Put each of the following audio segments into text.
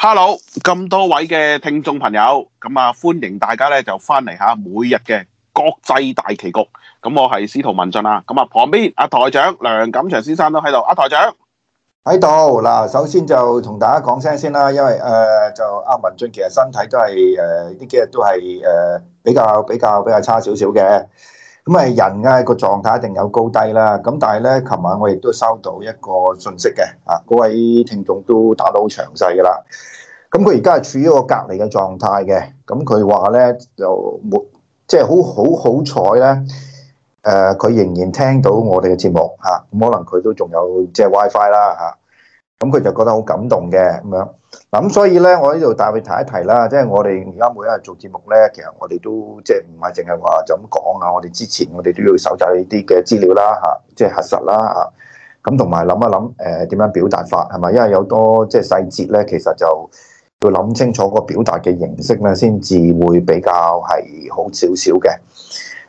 hello，咁多位嘅聽眾朋友，咁啊歡迎大家咧就翻嚟吓每日嘅國際大棋局，咁我係司徒文俊啊，咁啊旁邊阿台長梁錦祥先生都喺度，阿、啊、台長喺度，嗱首先就同大家講聲先啦，因為誒、呃、就阿文進其實身體都係誒呢幾日都係誒、呃、比較比較比較差少少嘅。咁係人嘅個狀態一定有高低啦。咁但係咧，琴晚我亦都收到一個信息嘅，啊，各位聽眾都打到好詳細㗎啦。咁佢而家係處於一個隔離嘅狀態嘅。咁佢話咧就冇，即係好好好彩咧。誒，佢、呃、仍然聽到我哋嘅節目嚇。咁、啊、可能佢都仲有即係 WiFi 啦嚇。啊咁佢就覺得好感動嘅咁樣，咁所以呢，我呢度帶佢提一提啦，即係我哋而家每一日做節目呢，其實我哋都即係唔係淨係話就咁講啊，我哋之前我哋都要搜集呢啲嘅資料啦吓，即係核實啦吓，咁同埋諗一諗誒，點樣表達法係咪？因為有多即係細節呢，其實就要諗清楚個表達嘅形式呢，先至會比較係好少少嘅。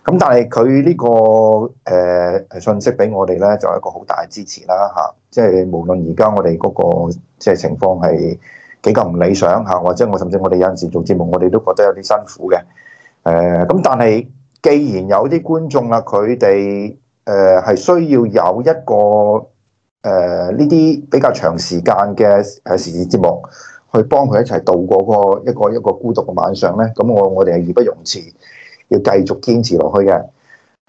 咁但係佢呢個誒、呃、信息俾我哋咧，就係一個好大嘅支持啦嚇、啊！即係無論而家我哋嗰、那個即係情況係幾咁唔理想嚇、啊，或者我甚至我哋有陣時做節目，我哋都覺得有啲辛苦嘅。誒、啊、咁，但係既然有啲觀眾啊，佢哋誒係需要有一個誒呢啲比較長時間嘅誒時事節目去幫佢一齊度過一個一個一個孤獨嘅晚上咧，咁我我哋係義不容辭。要繼續堅持落去嘅。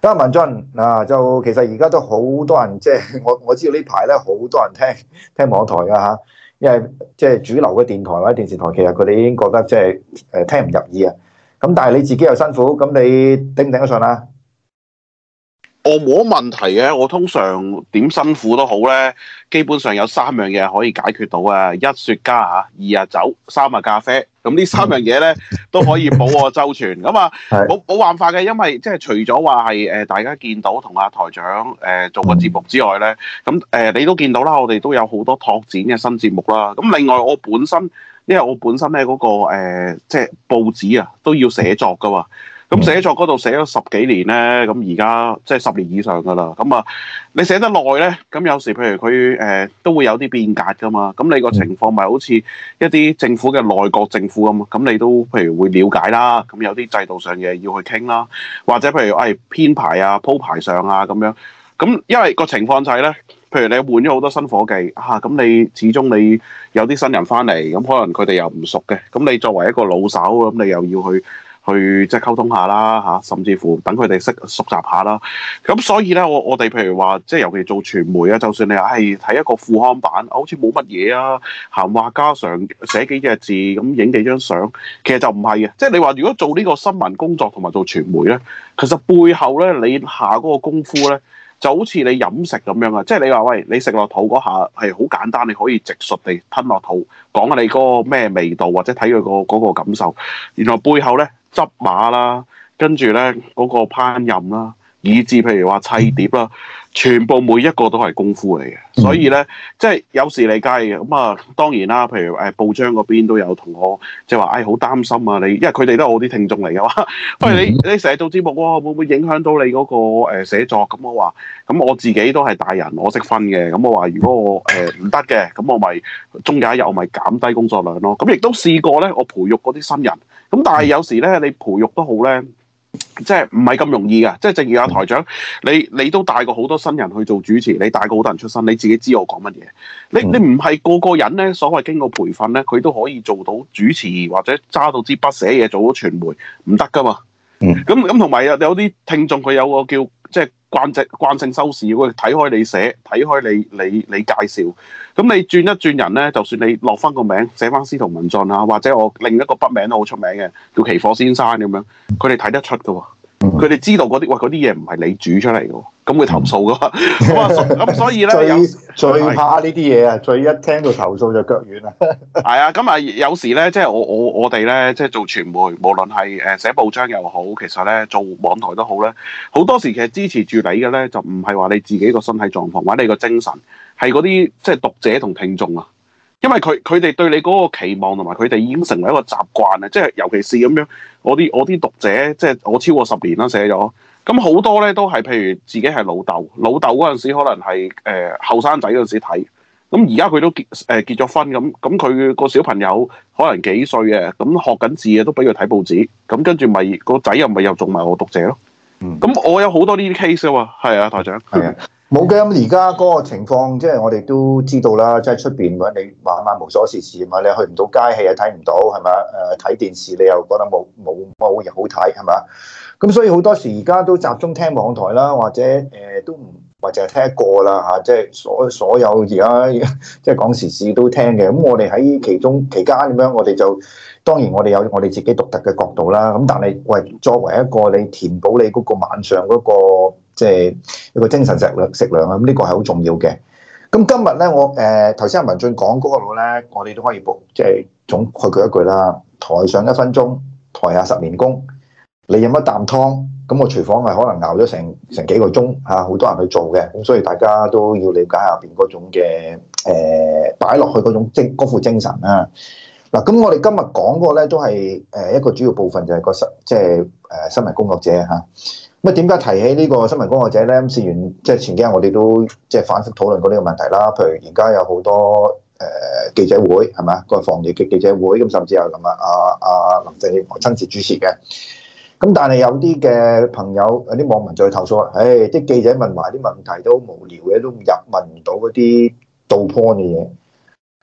阿文進嗱，就其實而家都好多人即係、就是、我我知道呢排咧，好多人聽聽網台㗎吓，因為即係主流嘅電台或者電視台，其實佢哋已經覺得即係誒聽唔入耳啊。咁但係你自己又辛苦，咁你頂唔頂得順啊？我冇乜問題嘅，我通常點辛苦都好咧，基本上有三樣嘢可以解決到啊，一雪茄啊，二啊酒，三啊咖啡，咁呢三樣嘢咧都可以保我周全。咁啊， 冇冇辦法嘅，因為即係除咗話係誒，大家見到同阿台長誒、呃、做過節目之外咧，咁誒、呃、你都見到啦，我哋都有好多拓展嘅新節目啦。咁另外我本身，因為我本身咧、那、嗰個誒、呃、即係報紙啊都要寫作噶。咁寫作嗰度寫咗十幾年咧，咁而家即係十年以上噶啦。咁啊，你寫得耐咧，咁有時譬如佢誒、呃、都會有啲變革噶嘛。咁你個情況咪好似一啲政府嘅內閣政府咁，咁你都譬如會了解啦。咁有啲制度上嘅要去傾啦，或者譬如誒、哎、編排啊、鋪排上啊咁樣。咁因為個情況就係咧，譬如你換咗好多新伙計啊，咁你始終你有啲新人翻嚟，咁可能佢哋又唔熟嘅。咁你作為一個老手，咁你又要去，去即係溝通下啦嚇，甚至乎等佢哋識熟習下啦。咁所以咧，我我哋譬如話，即係尤其做傳媒啊，就算你係睇一個副刊版，好似冇乜嘢啊，閒話家常寫幾隻字咁，影幾張相，其實就唔係嘅。即係你話如果做呢個新聞工作同埋做傳媒咧，其實背後咧你下嗰個功夫咧，就好似你飲食咁樣啊。即係你話喂，你食落肚嗰下係好簡單，你可以直述地吞落肚，講下你嗰個咩味道或者睇佢個嗰個感受。然後背後咧～執馬啦，跟住咧嗰個烹飪啦，以至譬如話砌碟啦。全部每一個都係功夫嚟嘅，所以咧即係有時你計嘅咁啊，當然啦，譬如誒報章嗰邊都有同我即係話，哎好擔心啊你，因為佢哋都係我啲聽眾嚟嘅話，喂你你成日做節目，會唔會影響到你嗰個誒寫作？咁、嗯、我話，咁我自己都係大人，我識分嘅。咁、嗯、我話如果我誒唔得嘅，咁、呃、我咪終有一日我咪減低工作量咯。咁、嗯、亦、嗯、都試過咧，我培育嗰啲新人，咁但係有時咧你培育都好咧。即係唔係咁容易噶即係正如阿、啊、台長，你你都帶過好多新人去做主持，你帶過好多人出身，你自己知我講乜嘢。你你唔係個個人咧，所謂經過培訓咧，佢都可以做到主持或者揸到支筆寫嘢做到傳媒唔得噶嘛。咁咁同埋有有啲聽眾佢有個叫即係。慣性收視，會睇開你寫，睇開你你你介紹。咁你轉一轉人咧，就算你落翻個名寫翻司徒文進啊，或者我另一個筆名都好出名嘅，叫奇貨先生咁樣，佢哋睇得出噶喎，佢哋知道嗰啲喂，嗰啲嘢唔係你煮出嚟噶。咁會投訴噶嘛？咁、 嗯、所以咧，最有最怕呢啲嘢啊！ 最一聽到投訴就腳軟啦。 係啊，咁啊有時咧，即係我我我哋咧，即係做傳媒，無論係誒寫報章又好，其實咧做網台都好咧，好多時其實支持住你嘅咧，就唔係話你自己個身體狀況或者你個精神，係嗰啲即係讀者同聽眾啊。因為佢佢哋對你嗰個期望同埋佢哋已經成為一個習慣啊！即係尤其是咁樣，我啲我啲讀者，即係我超過十年啦，寫咗。咁好多咧，都係譬如自己係老豆，老豆嗰陣時可能係誒後生仔嗰陣時睇，咁而家佢都結誒結咗婚，咁咁佢個小朋友可能幾歲嘅，咁學緊字啊，都俾佢睇報紙，咁跟住咪個仔又咪又做埋我讀者咯。嗯，咁我有好多呢啲 case 啊嘛，係啊，台長，係啊，冇嘅。咁而家嗰個情況，即係我哋都知道啦，即係出邊揾你晚晚無所事事嘛，你去唔到街，戲又睇唔到，係嘛？誒睇電視你又覺得冇冇冇嘢好睇，係嘛？咁所以好多時而家都集中聽網台啦，或者誒、呃、都唔或者係聽過啦嚇，即係所所有而家即係講時事都聽嘅。咁我哋喺其中期間點樣？我哋就當然我哋有我哋自己獨特嘅角度啦。咁但係喂，作為一個你填補你嗰個晚上嗰、嗰個即係、就是、一個精神食糧食糧啊，咁呢個係好重要嘅。咁今日咧，我誒頭先阿文進講嗰個咧，我哋都可以報即係總括佢一句啦：台上一分鐘，台下十年功。你飲一啖湯，咁我廚房係可能熬咗成成幾個鐘嚇，好多人去做嘅，咁所以大家都要理解面、呃、下邊嗰種嘅誒擺落去嗰種精嗰副精神啦、啊。嗱，咁我哋今日講個咧都係誒一個主要部分就係、嗰個新即係誒新聞工作者嚇。咁啊點解提起呢個新聞工作者咧？咁事完即係前幾日我哋都即係反覆討論過呢個問題啦。譬如而家有好多誒、呃、記者會係嘛，個防疫嘅記者會咁，甚至有咁啊啊林鄭親自主持嘅。咁但係有啲嘅朋友，有啲網民再投訴啦。唉、哎，啲記者問埋啲問題都無聊嘅，都入問唔到嗰啲到 point 嘅嘢。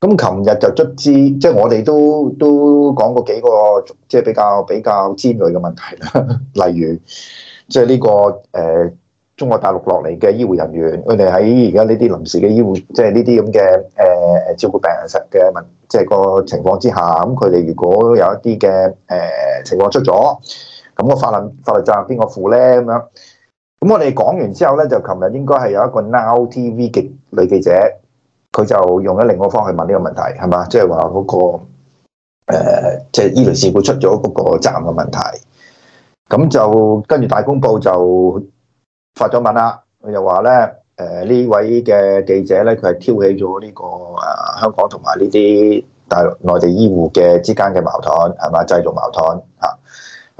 咁琴日就卒之，即係我哋都都講過幾個即係比較比較尖鋭嘅問題啦。 例如，即係、這、呢個誒、呃、中國大陸落嚟嘅醫護人員，佢哋喺而家呢啲臨時嘅醫護，即係呢啲咁嘅誒誒照顧病人實嘅問，即係個情況之下，咁佢哋如果有一啲嘅誒情況出咗。咁個法律法律責任邊個負咧？咁樣，咁我哋講完之後咧，就琴日應該係有一個 now TV 嘅女記者，佢就用咗另一方去問呢個問題，係嘛？即係話嗰個誒，即係醫療事故出咗嗰個責任嘅問題。咁就跟住大公報就發咗文啦，佢就話咧誒呢、呃、位嘅記者咧，佢係挑起咗呢、這個誒、呃、香港同埋呢啲大陸內地醫護嘅之間嘅矛盾，係嘛？製造矛盾嚇。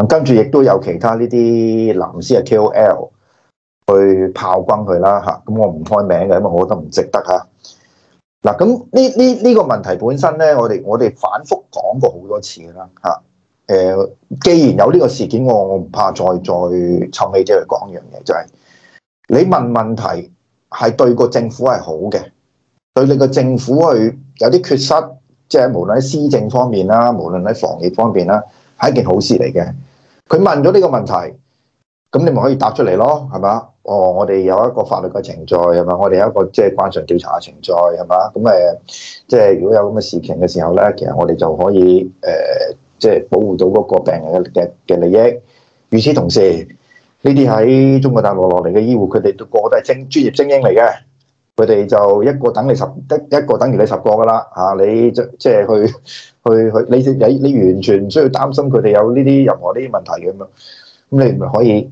跟住亦都有其他呢啲藍絲嘅 KOL 去炮轟佢啦嚇，咁我唔開名嘅，因為我覺得唔值得嚇。嗱咁呢呢呢個問題本身咧，我哋我哋反覆講過好多次㗎啦嚇、呃。既然有呢個事件，我我唔怕再再湊氣者嚟講一樣嘢，就係、是、你問問題係對個政府係好嘅，對你個政府去有啲缺失，即係無論喺施政方面啦，無論喺防疫方面啦，係一件好事嚟嘅。佢問咗呢個問題，咁你咪可以答出嚟咯，係嘛？哦，我哋有一個法律嘅程序係嘛，我哋有一個即係慣常調查嘅程序係嘛？咁誒，即係如果有咁嘅事情嘅時候咧，其實我哋就可以誒，即、呃、係、就是、保護到嗰個病人嘅嘅利益。與此同時，呢啲喺中國大陸落嚟嘅醫護，佢哋都個個都係精專業精英嚟嘅。佢哋就一個等你十得一個等住你十個噶啦嚇，你就即係、就是、去去去，你你完全唔需要擔心佢哋有呢啲任何呢啲問題咁樣。咁你咪可以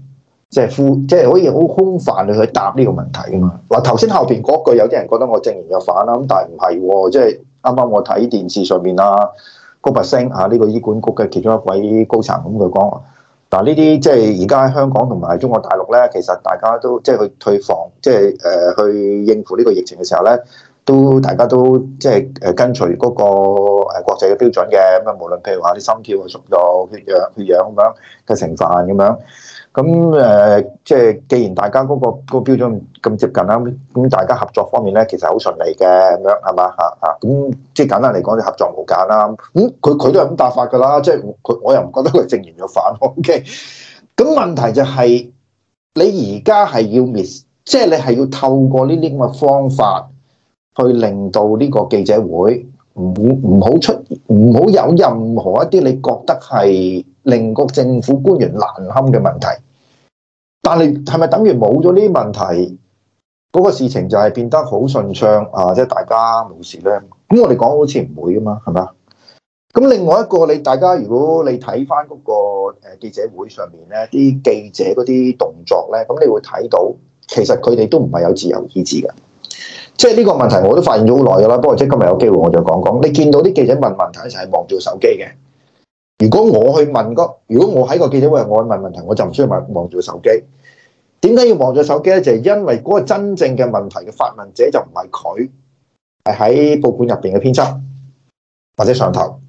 即係敷，即、就、係、是就是、可以好空泛去答呢個問題噶嘛。嗱頭先後邊嗰句有啲人覺得我正言有反啦，咁但係唔係，即係啱啱我睇電視上面高白啊高拔陞啊呢個醫管局嘅其中一位高層咁佢講。嗱，呢啲即係而家香港同埋中國大陸咧，其實大家都即係去退房，即係誒去應付呢個疫情嘅時候咧，都大家都即係誒跟隨嗰個誒國際嘅標準嘅咁啊，無論譬如話啲心跳嘅速度、血氧、血氧咁樣嘅成範咁樣。咁誒、呃，即係既然大家嗰、那個嗰、那個標準咁接近啦，咁大家合作方面咧，其實好順利嘅，咁樣係嘛？嚇嚇，咁即係簡單嚟講，就合作無間啦。咁佢佢都係咁答法㗎啦，即係佢我又唔覺得佢正言咗反。OK，咁問題就係、是、你而家係要 miss，即係你係要透過呢啲咁嘅方法去令到呢個記者會唔唔好出，唔好有任何一啲你覺得係令個政府官員難堪嘅問題。但係係咪等於冇咗呢啲問題，嗰個事情就係變得好順暢啊？即係大家冇事咧。咁我哋講好似唔會噶嘛，係咪？咁另外一個，你大家如果你睇翻嗰個誒記者會上面咧，啲記者嗰啲動作咧，咁你會睇到其實佢哋都唔係有自由意志嘅。即係呢個問題我都發現咗好耐㗎啦。不過即係今日有機會我就講講，你見到啲記者問問題一齊係望住手機嘅。如果我去問，如果我喺個記者會，我問問題，我就唔需要望望住手機。點解要望住手機咧？就係因為嗰個真正嘅問題嘅發問者就唔係佢，係喺報館入邊嘅編輯或者上頭，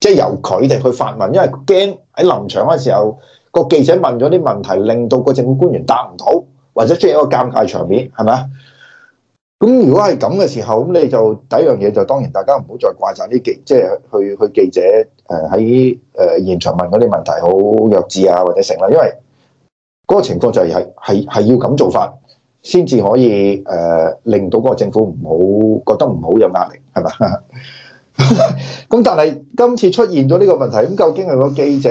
即係由佢哋去發問，因為驚喺臨場嘅時候，個記者問咗啲問題，令到個政府官員答唔到，或者出現一個尷尬場面，係咪啊？咁如果係咁嘅時候，咁你就第一樣嘢就當然，大家唔好再怪責啲記，即係去去記者。誒喺誒現場問嗰啲問題好弱智啊，或者成啦，因為嗰個情況就係係係要咁做法，先至可以誒、呃、令到嗰個政府唔好覺得唔好有壓力，係嘛？咁 但係今次出現咗呢個問題，咁究竟係個記者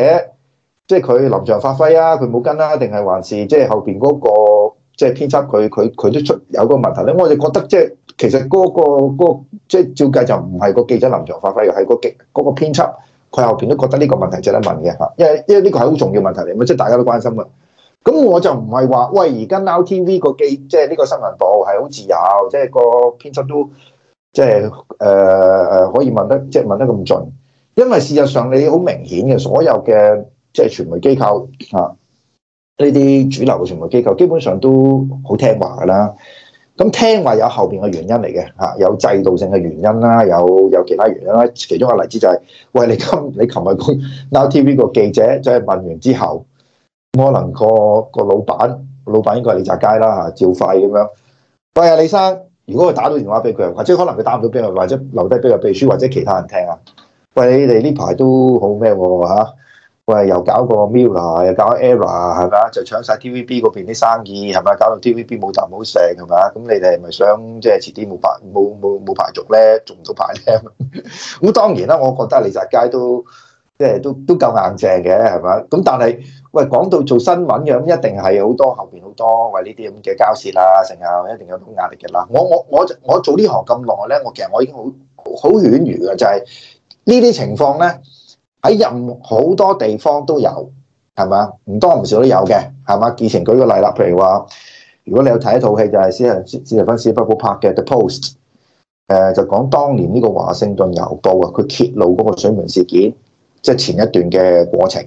即係佢臨場發揮啊？佢冇跟啊？定係還是即係後邊嗰、嗰個即係、即係、編輯佢佢佢都出有個問題咧？我就覺得即、就、係、是、其實嗰、嗰個即係、嗰個即係、照計就唔係個記者臨場發揮，又係、嗰個嗰個、嗰個編輯。佢後邊都覺得呢個問題值得問嘅嚇，因為因為呢個係好重要問題嚟，咁即係大家都關心嘅。咁我就唔係話喂，而家 Now TV 個機即係呢個新聞部係好自由，即係個編輯都即係誒誒可以問得即係問得咁盡，因為事實上你好明顯嘅，所有嘅即係傳媒機構啊，呢啲主流嘅傳媒機構基本上都好聽話㗎啦。咁聽話有後邊嘅原因嚟嘅嚇，有制度性嘅原因啦，有有其他原因啦。其中一個例子就係、是，喂，你今你琴日講 Now TV 個記者就係、是、問完之後，可能個個老闆老闆應該係李澤楷啦嚇，照快咁樣。喂啊，李生，如果佢打到電話俾佢，或者可能佢打唔到俾佢，或者留低俾個秘書，或者其他人聽啊。喂，你哋呢排都好咩喎？喂，又搞個 Mirror，又搞個 Error，係咪啊？就搶晒 TVB 嗰邊啲生意，係咪？搞到 TVB 冇啖冇食，係咪啊？咁你哋係咪想即係遲啲冇排冇冇冇排續咧，做唔到排咧？咁當然啦，我覺得李澤楷都即係都都夠硬正嘅，係咪啊？咁但係喂，講到做新聞嘅咁，一定係好多後邊好多喂呢啲咁嘅交涉啊，成日一定有到壓力嘅啦。我我我我做呢行咁耐咧，我其實我已經好好婉喻嘅，就係呢啲情況咧。喺任何好多地方都有，係嘛？唔多唔少都有嘅，係嘛？之前舉個例啦，譬如話，如果你有睇一套戲、就是，就係史提芬史匹堡拍嘅《The Post》，誒，就講當年呢個華盛頓郵報啊，佢揭露嗰個水門事件，即、就、係、是、前一段嘅過程。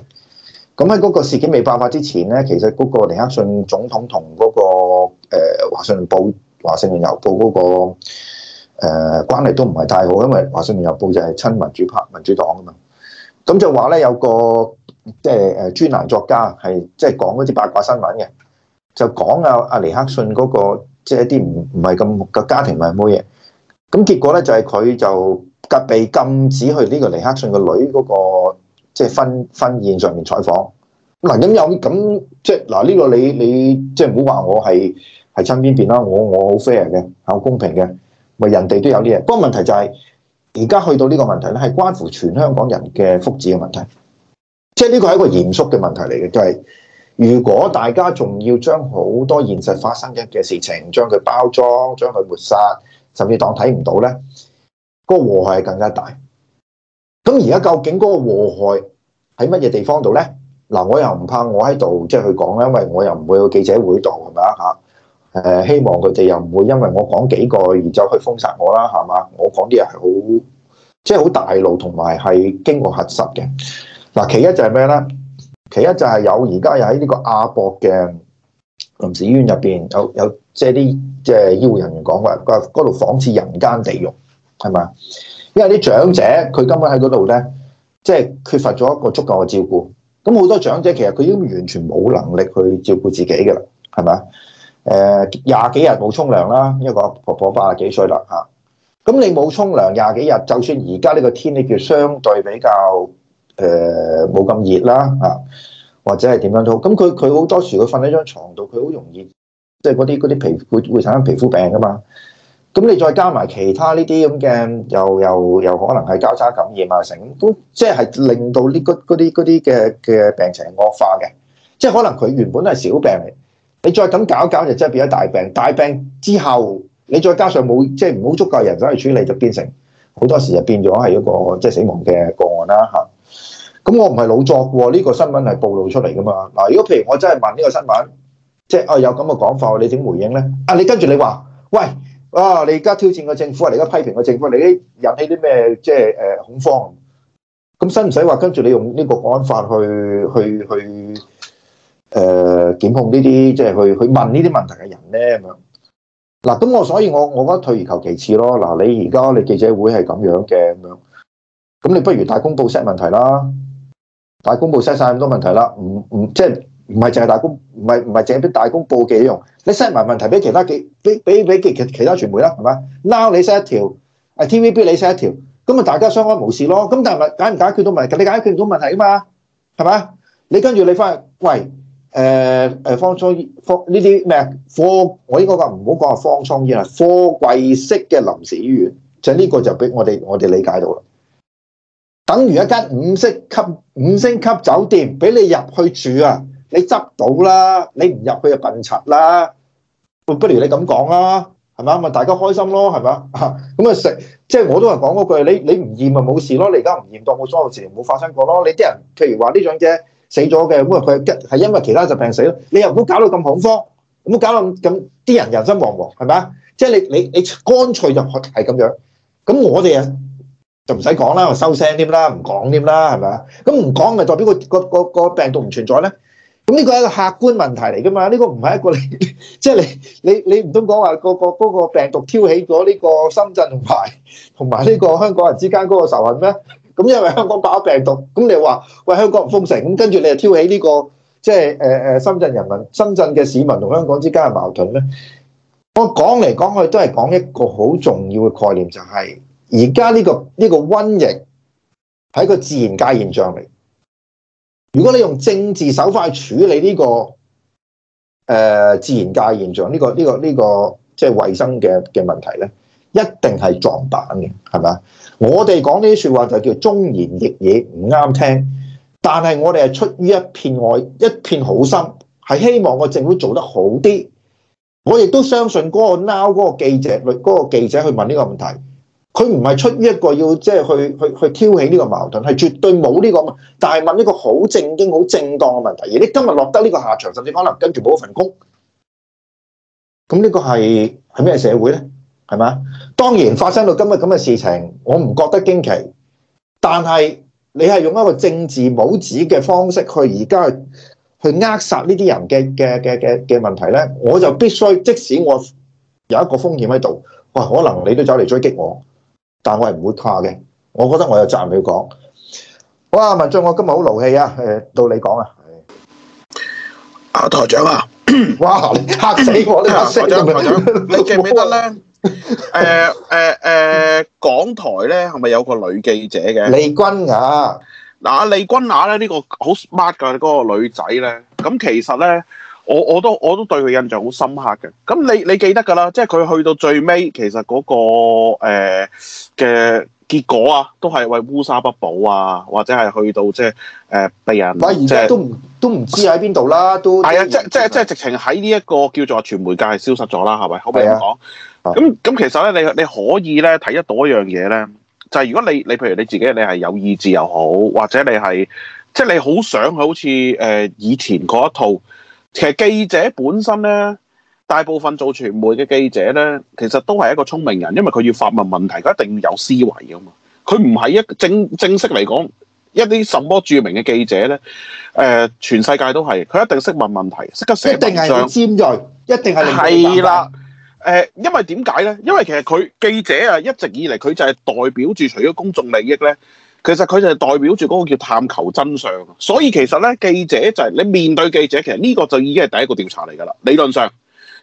咁喺嗰個事件未爆發之前咧，其實嗰個尼克遜總統同嗰個誒華盛頓報、華盛頓郵報嗰、那個誒、呃、關係都唔係太好，因為華盛頓郵報就係親民主派、民主黨噶嘛。咁就話咧，有個即係誒專欄作家係即係講嗰啲八卦新聞嘅，就講阿阿尼克遜嗰、那個即係、就是、一啲唔唔係咁嘅家庭咪冇嘢，咁結果咧就係佢就隔被禁止去呢個尼克遜女、那個女嗰個即係婚婚宴上面採訪。嗱、啊、咁有咁即係嗱呢個你你即係唔好話我係係親邊邊啦，我我好 fair 嘅，好公平嘅，咪人哋都有啲、這、嘢、個。不過問題就係、是。而家去到呢個問題咧，係關乎全香港人嘅福祉嘅問題，即係呢個係一個嚴肅嘅問題嚟嘅。就係如果大家仲要將好多現實發生緊嘅事情，將佢包裝、將佢抹殺，甚至當睇唔到咧，嗰個禍害更加大。咁而家究竟嗰個禍害喺乜嘢地方度咧？嗱，我又唔怕我喺度，即係去講，因為我又唔會去記者會度係咪啊？誒希望佢哋又唔會因為我講幾個而就去封殺我啦，係嘛？我講啲嘢係好即係好大路，同埋係經過核實嘅。嗱，其一就係咩咧？其一就係有而家又喺呢個亞博嘅臨時醫院入邊有有即係啲即係醫護人員講話，嗰嗰度仿似人間地獄，係咪？因為啲長者佢根本喺嗰度咧，即係缺乏咗一個足夠嘅照顧。咁好多長者其實佢已經完全冇能力去照顧自己嘅啦，係咪？誒，廿幾日冇沖涼啦，呢個婆婆八十幾歲啦吓。咁你冇沖涼廿幾日，就算而家呢個天氣叫相對比較誒冇咁熱啦吓，或者係點樣都。咁佢佢好多時佢瞓喺張床度，佢好容易即係嗰啲嗰啲皮會會產生皮膚病噶嘛。咁你再加埋其他呢啲咁嘅，又又又可能係交叉感染啊等等，成咁即係令到呢個嗰啲嗰啲嘅嘅病情惡化嘅，即係可能佢原本係小病嚟。你再咁搞一搞，就真係變咗大病。大病之後，你再加上冇即係唔好足夠人走去處理，就變成好多時就變咗係一個即係死亡嘅個案啦吓。咁我唔係老作喎，呢個新聞係暴露出嚟噶嘛。嗱，如果譬如我真係問呢個新聞，即係啊有咁嘅講法，你點回應咧？啊，你跟住你話，喂，啊你而家挑戰個政府，啊、你而家批評個政府，你引起啲咩即係誒、呃、恐慌？咁使唔使話跟住你用呢個國安法去去去？去去誒，檢控呢啲即係去去問呢啲問題嘅人咧，咁樣嗱。咁我所以我我覺得退而求其次咯。嗱，你而家你記者會係咁樣嘅咁樣，咁你不如大公報 set 問題啦，大公報 set 晒咁多問題啦，唔唔即係唔係淨係大公唔係唔係淨係大公報嘅用，你 set 埋問題俾其他幾俾俾俾其他傳媒啦，係咪？now 你 set 一條，誒 TVB 你 set 一條，咁啊大家相安無事咯。咁但係咪解唔解決到問題？你解決唔到問題啊嘛，係咪？你跟住你翻去喂。誒誒、呃、方艙醫科呢啲咩啊？科我應該話唔好講啊方艙醫啦，貨櫃式嘅臨時醫院，就呢、是、個就俾我哋我哋理解到啦。等於一間五星級五星級酒店，俾你入去住啊，你執到啦，你唔入去就笨柒啦。不如你咁講啦，係咪？咁啊大家開心咯，係咪？咁啊食，即係我都係講嗰句你你唔驗咪冇事咯，你而家唔驗當我所有事冇發生過咯。你啲人譬如話呢種嘢。死咗嘅咁啊！佢係因為其他疾病死咯。你又唔好搞到咁恐慌，唔好搞到咁啲人人心惶惶，係咪啊？即係你你你乾脆就係咁樣。咁我哋啊就唔使講啦，收聲添啦，唔講添啦，係咪啊？咁唔講咪代表個個個個病毒唔存在咧？咁呢個係一個客觀問題嚟噶嘛？呢個唔係一個你即係你你你唔通講話個個嗰個病毒挑起咗呢個深圳同埋同埋呢個香港人之間嗰個仇恨咩？咁因為香港爆病毒，咁你話喂香港唔封城，咁跟住你又挑起呢個即係誒誒深圳人民、深圳嘅市民同香港之間嘅矛盾咧？我講嚟講去都係講一個好重要嘅概念，就係而家呢個呢個瘟疫係一個自然界現象嚟。如果你用政治手法去處理呢個誒、呃、自然界現象，呢個呢個呢個即係衞生嘅嘅問題咧，一定係撞板嘅，係咪啊？我哋講呢啲説話就叫忠言逆耳，唔啱聽。但係我哋係出於一片愛、一片好心，係希望個政府做得好啲。我亦都相信嗰個 now 嗰個記者，嗰、嗰個記者去問呢個問題，佢唔係出於一個要即係去去，去挑起呢個矛盾，係絕對冇呢個問題。但係問一個好正經、好正當嘅問題。而你今日落得呢個下場，甚至可能跟住冇咗份工，咁呢個係係咩社會呢？係嘛？當然發生到今日咁嘅事情，我唔覺得驚奇。但係你係用一個政治帽子嘅方式去而家去去扼殺呢啲人嘅嘅嘅嘅嘅問題咧，我就必須即使我有一個風險喺度，哇！可能你都走嚟追擊我，但我係唔會怕嘅。我覺得我有責任去講。哇！文俊，我今日好勞氣啊！誒，到你講啊。阿台長啊！哇！你嚇死我！死我啊、台長，台長你記唔記得咧？ 誒誒誒，港台咧，係咪有個女記者嘅？李君雅嗱，李君雅咧，呢個好 smart 嘅嗰個女仔咧，咁其實咧，我我都我都對佢印象好深刻嘅。咁你你記得噶啦，即係佢去到最尾，其實嗰個、那個誒嘅、呃、結果啊，都係為烏紗不保啊，或者係去到即係誒被人即係都唔都唔知喺邊度啦，都係啊，即即即，即直情喺呢一個叫做傳媒界係消失咗啦，係咪？可唔可以講？咁咁其實咧，你你可以咧睇得到一樣嘢咧，就係、是、如果你你譬如你自己你係有意志又好，或者你係即係你想好想好似誒以前嗰一套，其實記者本身咧，大部分做傳媒嘅記者咧，其實都係一個聰明人，因為佢要發問問題，佢一定要有思維噶嘛。佢唔係一正正式嚟講一啲什麼著名嘅記者咧，誒、呃，全世界都係佢一定識問問題，識得寫文章，一定係尖鋭，一定係靈敏啦。誒，因為點解咧？因為其實佢記者啊，一直以嚟佢就係代表住，除咗公眾利益咧，其實佢就係代表住嗰個叫探求真相。所以其實咧，記者就係、是、你面對記者，其實呢個就已經係第一個調查嚟㗎啦。理論上，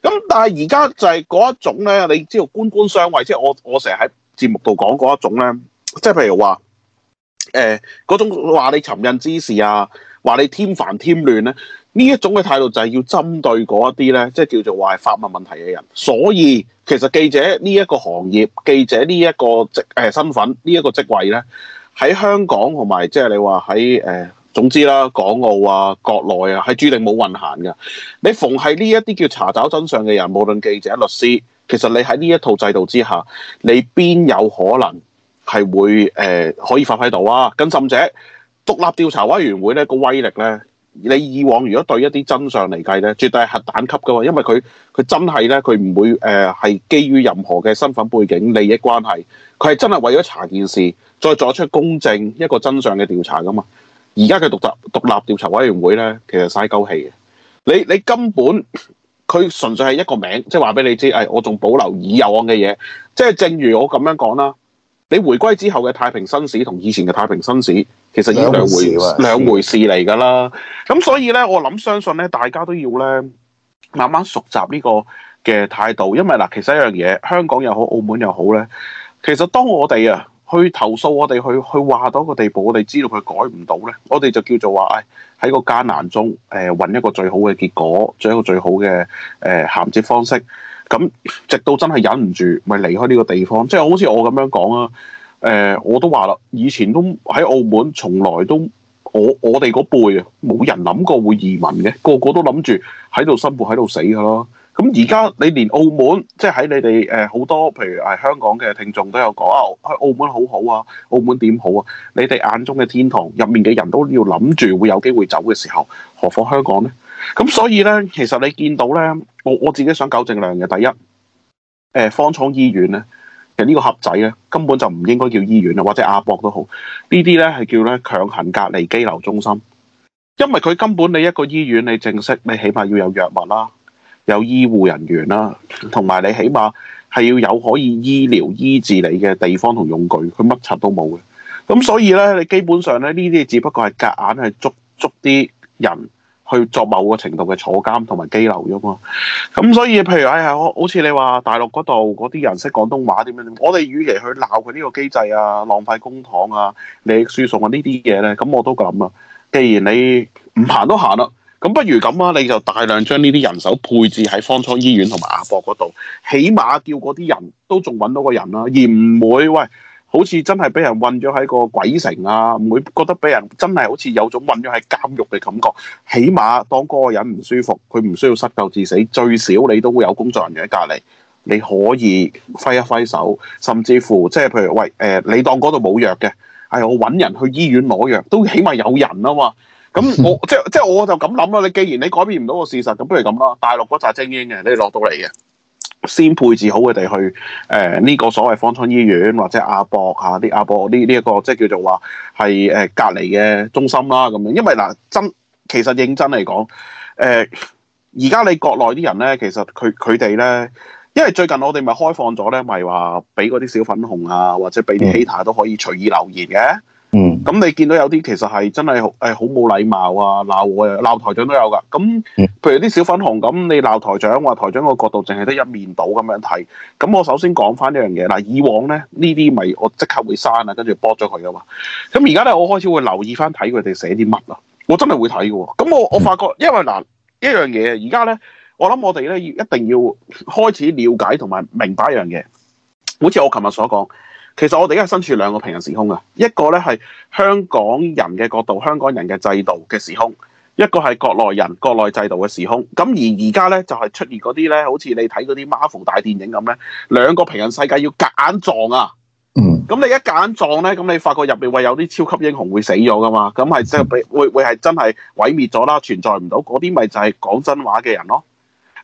咁、嗯、但係而家就係嗰一種咧，你知道官官相衛、就是，即係我我成日喺節目度講嗰一種咧，即係譬如話，誒嗰種話你尋釁滋事啊，話你添煩添亂咧。呢一種嘅態度就係要針對嗰一啲呢，即係叫做話係發問問題嘅人。所以其實記者呢一個行業，記者呢一個職誒、呃、身份，呢、這、一個職位呢，喺香港同埋即係你話喺誒總之啦，港澳啊、國內啊，係注定冇運行嘅。你逢係呢一啲叫查找真相嘅人，無論記者、律師，其實你喺呢一套制度之下，你邊有可能係會誒、呃、可以發揮到啊？咁甚至獨立調查委員會呢個威力呢。你以往如果對一啲真相嚟計咧，絕對係核彈級噶嘛，因為佢佢真係咧，佢唔會誒係、呃、基於任何嘅身份背景、利益關係，佢係真係為咗查件事，再做出公正一個真相嘅調查噶嘛。而家嘅獨立獨立調查委員會咧，其實嘥鳩氣嘅，你你根本佢純粹係一個名，即係話俾你知，誒、哎，我仲保留已有案嘅嘢，即係正如我咁樣講啦。你回歸之後嘅太平紳士同以前嘅太平紳士，其實已經兩回兩回事嚟噶啦。咁、嗯、所以咧，我諗相信咧，大家都要咧慢慢熟習呢個嘅態度，因為嗱，其實一樣嘢，香港又好，澳門又好咧，其實當我哋啊去投訴我，我哋去去話到一個地步，我哋知道佢改唔到咧，我哋就叫做話，喺、哎、個艱難中，誒、呃，揾一個最好嘅結果，做一個最好嘅誒銜接方式。咁直到真係忍唔住，咪離開呢個地方，即係好似我咁樣講啊！誒、呃，我都話啦，以前都喺澳門，從來都我我哋嗰輩啊，冇人諗過會移民嘅，個個都諗住喺度生活、喺度死噶咯。咁而家你連澳門，即係喺你哋誒好多，譬如係香港嘅聽眾都有講啊，澳門好好啊，澳門點好啊？你哋眼中嘅天堂入面嘅人都要諗住會有機會走嘅時候，何況香港呢？咁所以咧，其實你見到咧，我我自己想搞正兩嘢。第一，誒、呃、方艙醫院咧，其、這、呢個盒仔咧根本就唔應該叫醫院啊，或者亞博都好，呢啲咧係叫咧強行隔離羈留中心，因為佢根本你一個醫院，你正式你起碼要有藥物啦，有醫護人員啦，同埋你起碼係要有可以醫療醫治你嘅地方同用具，佢乜柒都冇嘅。咁所以咧，你基本上咧呢啲只不過係夾硬係捉捉啲人。去作某個程度嘅坐監同埋羈留咗嘛，咁所以譬如哎呀，好好似你話大陸嗰度嗰啲人識廣東話點樣點樣？我哋與其去鬧佢呢個機制啊，浪費公帑啊，你輸送啊呢啲嘢咧，咁我都諗啊。既然你唔行都行啦，咁不如咁啊，你就大量將呢啲人手配置喺方艙醫院同埋亞博嗰度，起碼叫嗰啲人都仲揾到個人啦、啊，而唔會喂。好似真係俾人困咗喺個鬼城啊！唔會覺得俾人真係好似有種困咗喺監獄嘅感覺。起碼當嗰個人唔舒服，佢唔需要失救致死，最少你都會有工作人員喺隔離，你可以揮一揮手，甚至乎即係譬如喂誒、呃，你當嗰度冇藥嘅，係、哎、我揾人去醫院攞藥，都起碼有人啊嘛。咁我 即係即係我就咁諗啦。你既然你改變唔到個事實，咁不如咁啦。大陸嗰扎精英嘅，你落到嚟嘅。先配置好佢哋去，誒、呃、呢、這個所謂方艙醫院或者亞博嚇啲亞博呢呢一個、這個、即係叫做話係誒隔離嘅中心啦咁樣，因為嗱真其實認真嚟講，誒而家你國內啲人咧，其實佢佢哋咧，因為最近我哋咪開放咗咧，咪話俾嗰啲小粉紅啊或者俾啲 hater 都可以隨意留言嘅。嗯，咁你見到有啲其實係真係誒好冇禮貌啊，鬧我鬧台長都有噶。咁，譬如啲小粉紅咁，你鬧台長，話台長個角度淨係得一面倒咁樣睇。咁我首先講翻一樣嘢，嗱，以往咧呢啲咪我即刻會刪啊，跟住駁咗佢㗎嘛。咁而家咧，我開始會留意翻睇佢哋寫啲乜啦。我真係會睇嘅。咁我我發覺，因為嗱，一樣嘢，而家咧，我諗我哋咧要一定要開始了解同埋明白一樣嘢。好似我琴日所講。其實我哋而家身處兩個平行時空啊，一個咧係香港人嘅角度，香港人嘅制度嘅時空，一個係國內人、國內制度嘅時空。咁而而家咧就係出現嗰啲咧，好似你睇嗰啲 Marvel 大電影咁咧，兩個平行世界要夾硬撞啊！嗯，咁你一夾硬撞咧，咁你發覺入面會有啲超級英雄會死咗噶嘛？咁係即係會會係真係毀滅咗啦，存在唔到嗰啲咪就係講真話嘅人咯。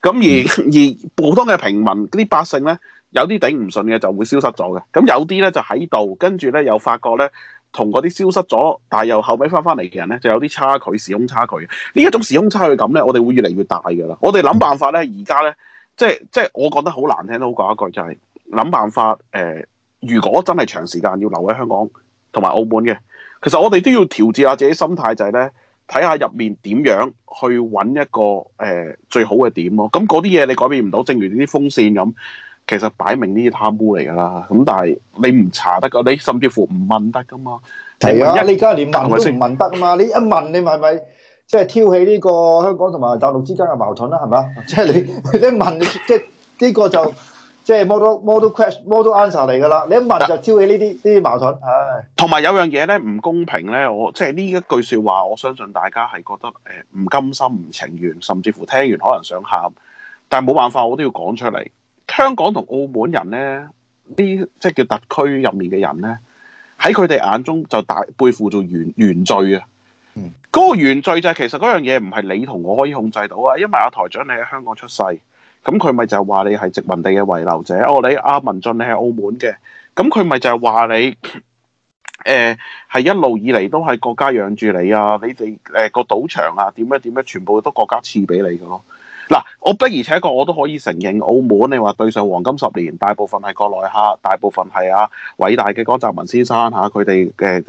咁而而普通嘅平民，啲百姓咧。有啲頂唔順嘅就會消失咗嘅，咁有啲咧就喺度，跟住咧又發覺咧，同嗰啲消失咗，但係又後尾翻翻嚟嘅人咧，就有啲差距，時空差距。呢一種時空差距感咧，我哋會越嚟越大噶啦。我哋諗辦法咧，而家咧，即係即係，我覺得好難聽都好講一句，就係、是、諗辦法。誒、呃，如果真係長時間要留喺香港同埋澳門嘅，其實我哋都要調節下自己心態就呢，就係咧，睇下入面點樣去揾一個誒、呃、最好嘅點咯。咁嗰啲嘢你改變唔到，正如呢啲風扇咁。其實擺明呢啲貪污嚟噶啦，咁但係你唔查得噶，你甚至乎唔問得噶嘛？係啊，你而家連問都唔問得嘛？你一問你咪咪即係挑起呢個香港同埋大陸之間嘅矛盾啦？係嘛？即係你一問，即係呢個就即係、就是、model model crash model answer 嚟噶啦。你一問就挑起呢啲呢啲矛盾，係。同埋有樣嘢咧唔公平咧，我即係呢一句說話，我相信大家係覺得誒唔甘心唔情願，甚至乎聽完可能想喊，但係冇辦法，我都要講出嚟。香港同澳門人呢啲即係叫特區入面嘅人呢，喺佢哋眼中就大背負住原原罪啊！嗰、嗯、個原罪就係、是、其實嗰樣嘢唔係你同我可以控制到啊！因為阿、啊、台長你喺香港出世，咁佢咪就係話你係殖民地嘅遺留者？哦，你阿、啊、文進你係澳門嘅，咁佢咪就係話你誒係、呃、一路以嚟都係國家養住你啊！你哋誒、呃那個賭場啊，點樣點樣，全部都國家賜俾你嘅咯、啊。嗱，我不如且講，我都可以承認澳門。你話對上黃金十年，大部分係國內客，大部分係啊偉大嘅江澤民先生嚇佢哋嘅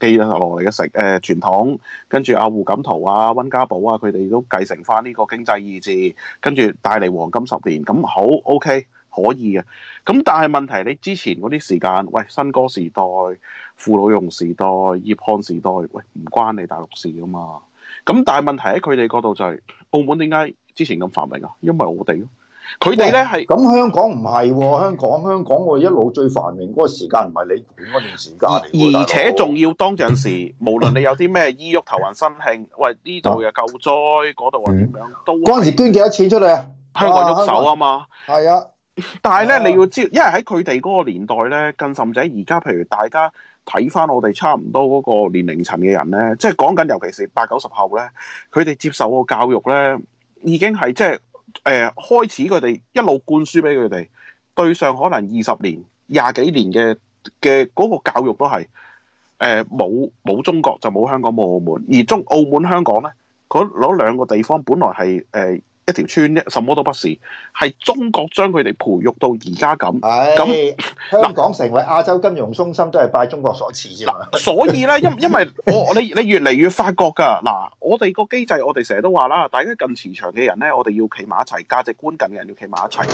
記落嚟嘅成誒傳統，跟住阿胡錦濤啊、溫家寶啊，佢哋都繼承翻呢個經濟意志，跟住帶嚟黃金十年。咁好 OK，可以嘅。咁但係問題，你之前嗰啲時間，喂新歌時代、傅老榕時代、葉漢時代，喂唔關你大陸事㗎嘛。咁但係問題喺佢哋嗰度就係、是、澳門點解？之前咁繁榮啊，因為我哋咯，佢哋咧係咁香港唔係喎，香港香港我一路最繁榮嗰個時間唔係你段時間，而且仲要當陣時，無論你有啲咩醫郁頭暈身慶，喂呢度又救災，嗰度啊點樣都嗰陣時捐幾多錢出嚟啊？香港喐手啊嘛，係啊，但係咧你要知，因為喺佢哋嗰個年代咧，更甚者，而家，譬如大家睇翻我哋差唔多嗰個年齡層嘅人咧，即係講緊，尤其是八九十後咧，佢哋接受個教育咧。已經係即係誒，開始，佢哋一路灌輸俾佢哋對上可能二十年、廿幾年嘅嘅嗰個教育都係，誒冇冇中國就冇香港冇澳門，而中澳門香港咧，嗰兩個地方，本來係誒。呃一條村什麼都不是，係中國將佢哋培育到而家咁。咁、哎、那香港成為亞洲金融中心都係拜中國所賜 所以咧，因因為我你你越嚟越發覺㗎，嗱，我哋個機制，我哋成日都話啦，大家近磁場嘅人咧，我哋要企埋一齊；價值觀近嘅人要企埋一齊。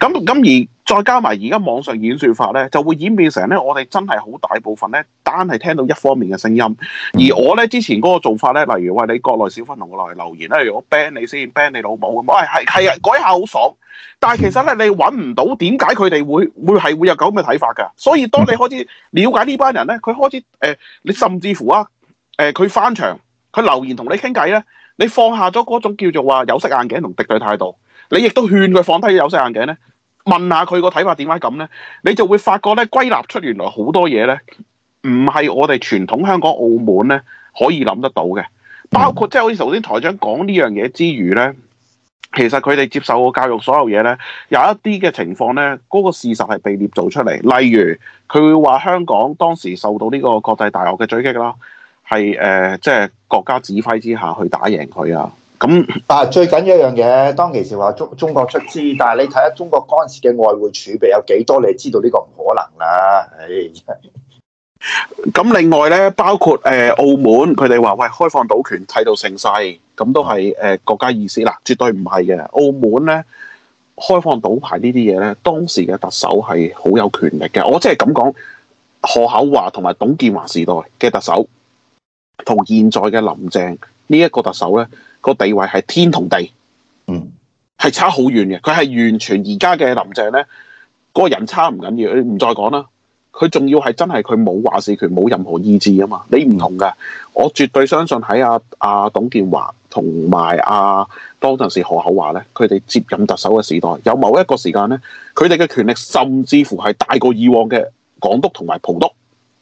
咁咁 而再加埋而家網上演算法咧，就會演變成咧，我哋真係好大部分咧，單係聽到一方面嘅聲音。而我咧之前嗰個做法咧，例如話你國內小粉紅我落嚟留言，例如我 ban 你先，ban 你老母。係係係啊！嗰下好爽，但係其實咧，你揾唔到點解佢哋會會係會有咁嘅睇法嘅。所以當你開始了解呢班人咧，佢開始誒、呃，你甚至乎啊誒，佢翻牆，佢留言同你傾偈咧，你放下咗嗰種叫做話有色眼鏡同敵對態度，你亦都勸佢放低有色眼鏡咧。問下佢個睇法點解咁咧，你就會發覺咧，歸納出原來好多嘢咧，唔係我哋傳統香港澳門咧可以諗得到嘅，包括即係好似頭先台長講呢樣嘢之餘咧。其實佢哋接受過教育，所有嘢咧，有一啲嘅情況咧，嗰、那個事實係被捏造出嚟。例如佢會話香港當時受到呢個國際大國嘅狙擊啦，係誒、呃、即係國家指揮之下去打贏佢啊。咁啊，最緊一樣嘢，當其時話中中國出資，但係你睇下中國嗰陣時嘅外匯儲備有幾多，你知道呢個唔可能啦。誒，咁 另外咧，包括誒、呃、澳門，佢哋話喂開放賭權，睇到盛世。咁都係誒國家意思啦，絕對唔係嘅。澳門咧開放賭牌呢啲嘢咧，當時嘅特首係好有權力嘅。我即係咁講，何厚鏵同埋董建華時代嘅特首，同現在嘅林鄭呢一個特首咧，個地位係天同地，嗯，係差好遠嘅。佢係完全而家嘅林鄭咧，嗰個人差唔緊要，你唔再講啦。佢仲要係真係佢冇話事權，冇任何意志啊嘛。你唔同㗎，嗯、我絕對相信喺阿阿董建華。同埋阿當陣時何厚鏵咧？佢哋接任特首嘅時代，有某一個時間咧，佢哋嘅權力甚至乎係大過以往嘅港督同埋葡督。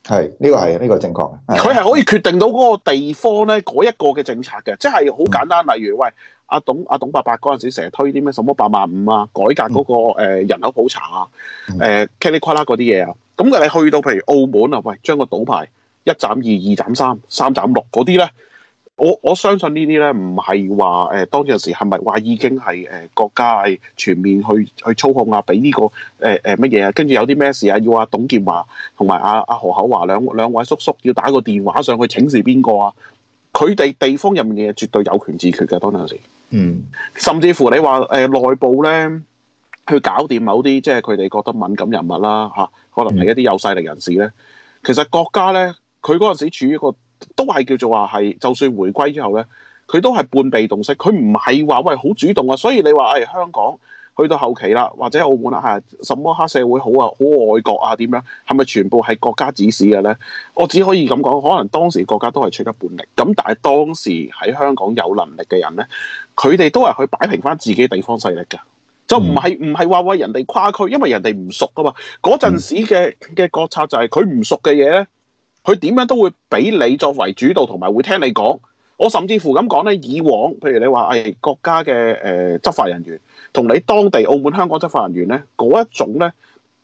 係，呢個係，呢個正確。佢係可以決定到嗰個地方咧，嗰一個嘅政策嘅，即係好簡單。例如喂，阿董阿董伯伯嗰陣時成日推啲咩什麼八萬五啊，改革嗰個誒人口普查啊，誒 categorize 嗰啲嘢啊。咁你去到譬如澳門啊，喂，將個賭牌一斬二，二斬三，三斬六嗰啲咧。我我相信呢啲咧，唔係話誒，當陣時係咪話已經係誒國家全面去去操控啊？俾呢、這個誒誒乜嘢啊？跟、呃、住有啲咩事啊？要阿董建華同埋阿阿何厚鏵兩兩位叔叔要打個電話上去請示邊個啊？佢哋地方入面嘅嘢絕對有權自決嘅。當陣時，嗯，甚至乎你話誒內部咧去搞掂某啲，即係佢哋覺得敏感人物啦，吓、啊，可能係一啲有勢力人士咧。其實國家咧，佢嗰陣時處於一個。都係叫做話係，就算回歸之後呢，佢都係半被動式，佢唔係話喂好主動啊。所以你話誒、哎、香港去到後期啦，或者澳門啦、啊，啊什麼黑社會好啊，好愛國啊點樣，係咪全部係國家指使嘅呢？我只可以咁講，可能當時國家都係出得半力，咁但係當時喺香港有能力嘅人呢，佢哋都係去擺平翻自己地方勢力嘅，就唔係唔係話為人哋跨區，因為人哋唔熟噶嘛。嗰陣時嘅嘅國策就係佢唔熟嘅嘢咧。佢點樣都會俾你作為主導，同埋會聽你講。我甚至乎咁講呢：以往譬如你話，係國家嘅誒、呃、執法人員，同你當地澳門香港執法人員呢，嗰一種呢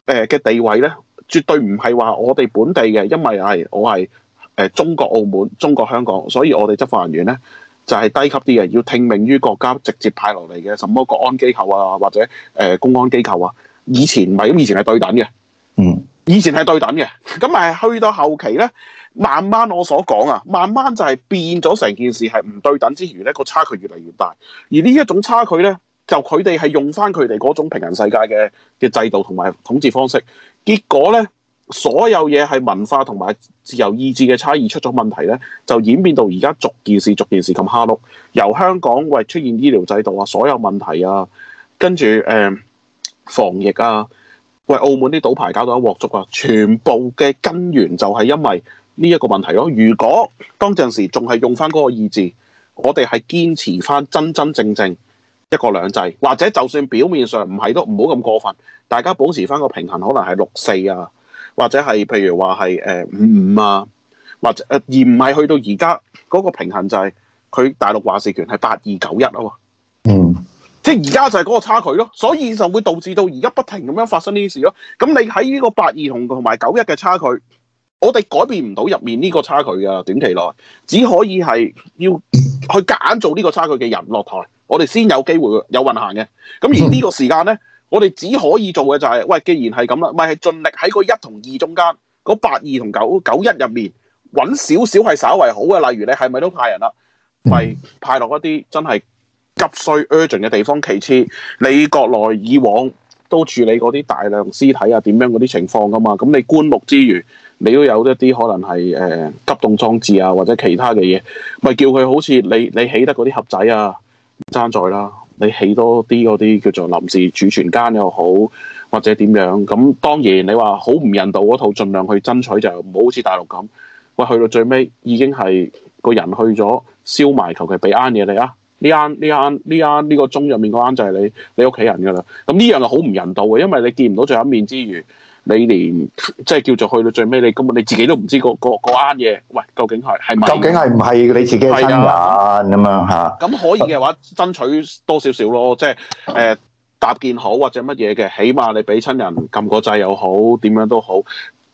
誒嘅、呃、地位呢，絕對唔係話我哋本地嘅，因為係我係誒、呃、中國澳門、中國香港，所以我哋執法人員呢，就係、是、低級啲嘅，要聽命於國家直接派落嚟嘅什麼國安機構啊，或者誒、呃、公安機構啊。以前唔係，咁以前係對等嘅，嗯。以前係對等嘅，咁誒去到後期咧，慢慢我所講啊，慢慢就係變咗成件事係唔對等之餘咧，個差距越嚟越大。而呢一種差距咧，就佢哋係用返佢哋嗰種平行世界嘅嘅制度同埋統治方式，結果咧，所有嘢係文化同埋自由意志嘅差異出咗問題咧，就演變到而家逐件事逐件事咁蝦碌。由香港為出現醫療制度啊，所有問題啊，跟住誒防疫啊。為澳門啲賭牌搞到一鑊粥啊！全部嘅根源就係因為呢一個問題咯。如果當陣時仲係用翻嗰個意志，我哋係堅持翻真真正正一國兩制，或者就算表面上唔係都唔好咁過分，大家保持翻個平衡，可能係六四啊，或者係譬如話係誒五五啊，或者而唔係去到而家嗰個平衡就係佢大陸話事權係八二九一啊。嗯。即係而家就係嗰個差距咯，所以就會導致到而家不停咁樣發生呢啲事咯。咁你喺呢個八二同同埋九一嘅差距，我哋改變唔到入面呢個差距噶，短期內只可以係要去夾硬做呢個差距嘅人落台，我哋先有機會有運行嘅。咁而呢個時間咧，我哋只可以做嘅就係、是，喂，既然係咁啦，咪係盡力喺個一同二中間，嗰八二同九九一入面，揾少少係稍為好嘅，例如你係咪都派人啦，咪、嗯、派落一啲真係急需 urgent 嘅地方，其次你國內以往都處理嗰啲大量屍體啊，點樣嗰啲情況噶嘛？咁你棺木之餘，你都有一啲可能係誒、呃、急凍裝置啊，或者其他嘅嘢，咪叫佢好似你你起得嗰啲盒仔啊，爭在啦！你起多啲嗰啲叫做臨時儲存間又好，或者點樣？咁當然你話好唔人道嗰套，儘量去爭取就唔好好似大陸咁，喂去到最尾已經係個人去咗燒埋，求其俾啱嘢你啊！呢間呢間呢間呢個鐘入面嗰間就係你你屋企人噶啦，咁呢樣係好唔人道嘅，因為你見唔到最後面之餘，你連即係叫做去到最尾，你根本你自己都唔知嗰嗰嗰間嘢，喂，究竟係係究竟係唔係你自己嘅親人咁樣嚇？咁的、啊、可以嘅話，爭取多少少咯，即係誒搭建好或者乜嘢嘅，起碼你俾親人撳個掣又好，點樣都好，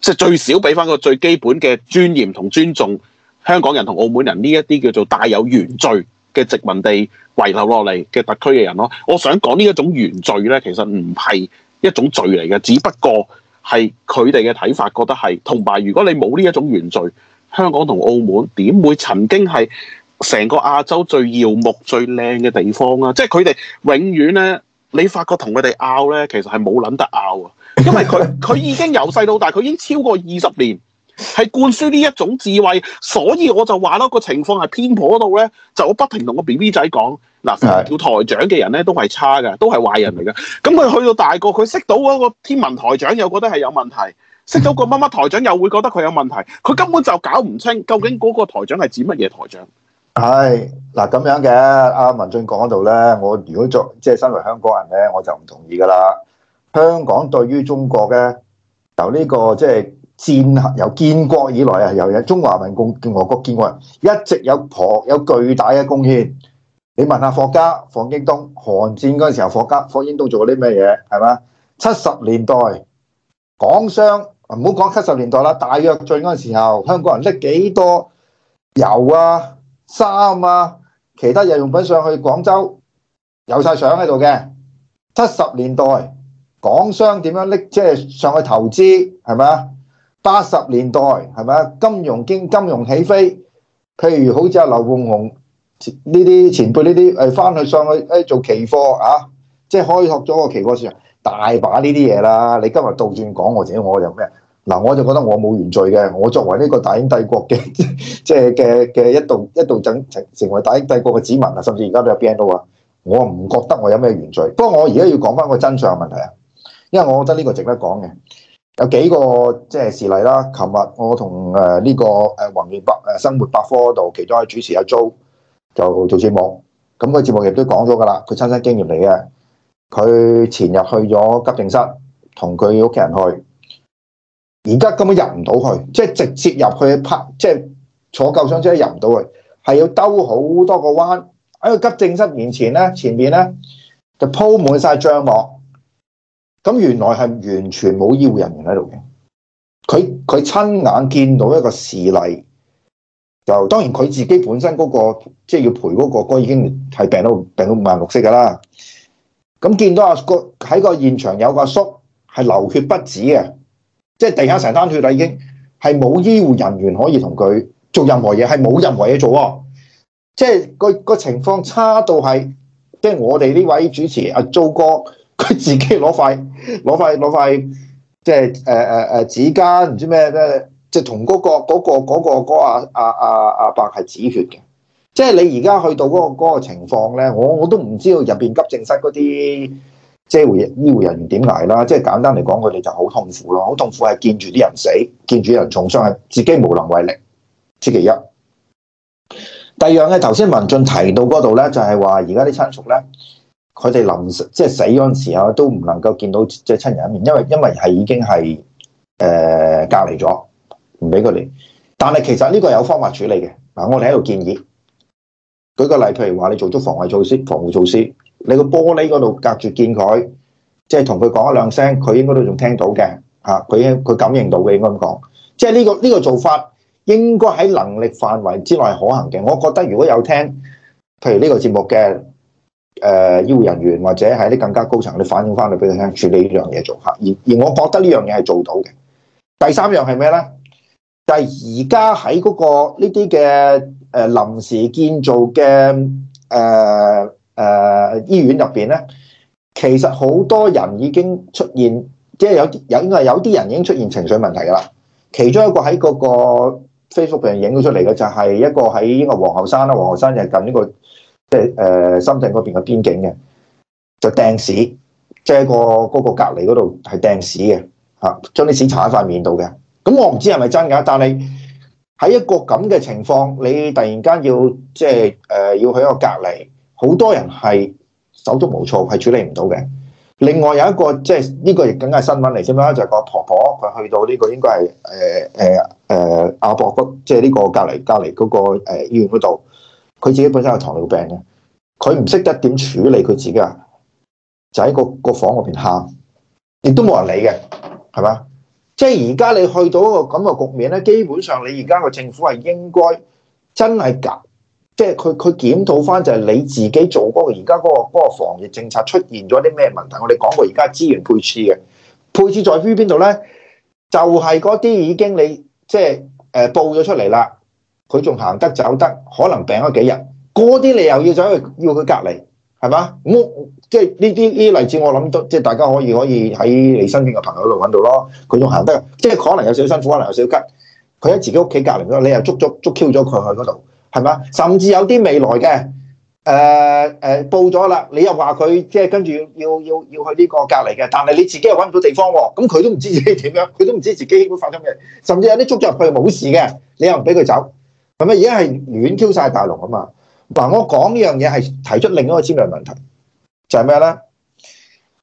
即係最少俾翻個最基本嘅尊嚴同尊重。香港人同澳門人呢一啲叫做帶有原罪。嘅殖民地遺留落嚟嘅特區嘅人咯，我想講呢一種原罪咧，其實唔係一種罪嚟嘅，只不過係佢哋嘅睇法覺得係。同埋，如果你冇呢一種原罪，香港同澳門點會曾經係成個亞洲最耀目、最靚嘅地方啊？即係佢哋永遠咧，你發覺同佢哋拗咧，其實，係冇諗得拗啊！因為佢佢已經由細到大，佢已經超過二十年。係灌輸呢一種智慧，所以我就話咯，個情況係偏頗度咧，就我不停同個 B B 仔講，嗱，條台長嘅人咧都係差嘅，都係壞人嚟嘅。咁佢去到大個，佢識到嗰個天文台長又覺得係有問題，識到個乜乜台長又會覺得佢有問題，佢根本就搞唔清究竟嗰個台長係指乜嘢台長。係嗱咁樣嘅，阿文進講嗰度咧，我如果作即係身為香港人咧，我就唔同意噶啦。香港對於中國咧，由呢、呢個即係。戰由建國以來啊，由有中華民共共和國建國，一直有頗有巨大嘅貢獻。你問下霍家、霍英東，韓戰嗰陣時候，霍家、霍英東做過啲咩嘢？係嘛？七十年代港商唔好講七十年代啦，大躍進嗰陣時候，香港人拎幾多油啊、衫啊、其他日用品上去廣州，有曬相喺度嘅。七十年代港商點樣拎，即係上去投資，係咪啊？八十年代係咪金融經金融起飛，譬如好似阿劉鳳雄呢啲前輩呢啲誒翻去上去誒做期貨啊，即係開拓咗個期貨市場，大把呢啲嘢啦。你今日倒轉講，我自己我有咩？嗱，我就覺得我冇原罪嘅。我作為呢個大英帝國嘅即係嘅嘅一度一度整成成為大英帝國嘅子民啊，甚至而家都有 BNO 啊，我唔覺得我有咩原罪。不過我而家要講翻個真相問題啊，因為我覺得呢個值得講嘅。有幾個即係事例啦。琴日我同誒呢個誒宏遠百誒生活百科度，其中嘅主持阿、啊、Jo 就做節目。咁、那個節目亦都講咗噶啦，佢親身經驗嚟嘅。佢前日去咗急症室，同佢屋企人去，而家根本入唔到去，即係直接入去一即係坐救傷車入唔到去，係要兜好多個彎喺個急症室面前咧，前面咧就鋪滿晒帳幕。咁原來係完全冇醫護人員喺度嘅，佢佢親眼見到一個事例，就當然佢自己本身嗰個即係要陪嗰個哥已經係病到病到五顏六色噶啦。咁見到阿個喺個現場有個阿叔係流血不止嘅，即係地下成堆血啦，已經係冇醫護人員可以同佢做任何嘢，係冇任何嘢做，即係個個情況差到係即係我哋呢位主持阿周哥佢自己攞塊攞塊攞塊即係誒誒誒紙巾，唔、就是呃啊、知咩咧，即係同嗰個嗰個嗰個阿阿阿阿伯係止血嘅。即、就、係、是、你而家去到嗰、那個那個情況咧，我我都唔知道入邊急症室嗰啲即係護醫護人員點挨啦。即、就、係、是、簡單嚟講，佢哋就好痛苦咯，好痛苦係見住啲人死，見住人重傷係自己無能為力。此其一。第二樣係頭先文進提到嗰度咧，就係話而家啲親屬咧。佢哋臨即係死嗰陣、即係、時候，都唔能夠見到即係親人一面，因為因為係已經係誒、呃、隔離咗，唔俾佢哋。但係其實呢個有方法處理嘅嗱，我哋喺度建議舉個例，譬如話你做足防衞措施、防護措施，你個玻璃嗰度隔住見佢，即係同佢講一兩聲，佢應該都仲聽到嘅嚇，佢佢感應到嘅應該咁講。即係呢個呢、呢個做法應該喺能力範圍之內可行嘅。我覺得如果有聽，譬如呢個節目嘅。誒、呃，醫護人員或者喺啲更加高層啲反映翻嚟俾佢聽，處理呢樣嘢做吓。而而我覺得呢樣嘢係做到嘅。第三樣係咩咧？就係而家喺嗰個呢啲嘅誒臨時建造嘅誒誒醫院入邊咧，其實好多人已經出現，即係有有應該有啲人已經出現情緒問題噶啦。其中一個喺嗰、那個、那個、Facebook 上影咗出嚟嘅，就係、是、一個喺呢個皇后山啦，皇后山就近呢個。誒、嗯，深圳嗰邊嘅邊境嘅，就掟屎，即、就、係、係個、嗰個隔離嗰度係掟屎嘅，吓、啊，將啲屎搽喺塊面度嘅。咁、嗯、我唔知係咪真噶，但係喺一個咁嘅情況，你突然間要即係誒，要去個隔離，好多人係手足無措，係處理唔到嘅。另外有一個即係呢個亦梗係新聞嚟先啦，就係、是這個就是、個婆婆佢去到呢個應該係誒誒誒阿博，即係呢個隔離隔離嗰個誒醫院嗰度。佢自己本身有糖尿病嘅，佢唔識得點處理佢自己啊，就喺個個房嗰邊喊，亦都冇人理嘅，係嘛？即係而家你去到一個咁嘅局面咧，基本上你而家個政府係應該真係㗎，即係佢佢檢討返就係你自己做嗰個而家嗰個嗰個防疫政策出現咗啲咩問題？我哋講過而家資源配置嘅配置在於邊度咧？就係嗰啲已經你即係誒報咗出嚟啦。佢仲行得走得，可能病咗幾日，嗰啲你又要走去要佢隔離，係嘛？我即係呢啲呢啲例子我都，我諗到即係大家可以可以喺你身邊嘅朋友度揾到咯。佢仲行得，即係可能有少少辛苦，可能有少少急。佢喺自己屋企隔離咗，你又捉捉捉 Q 咗佢去嗰度，係嘛？甚至有啲未來嘅，誒、呃、誒、呃、報咗啦，你又話佢即係跟住要要要去呢個隔離嘅，但係你自己又揾唔到地方喎、哦，咁佢都唔知自己點樣，佢都唔知自己會發生咩，甚至有啲捉咗入去冇事嘅，你又唔俾佢走。咁啊，而家係亂挑晒大龍啊嘛！嗱，我講呢樣嘢係提出另一個尖銳問題，就係咩咧？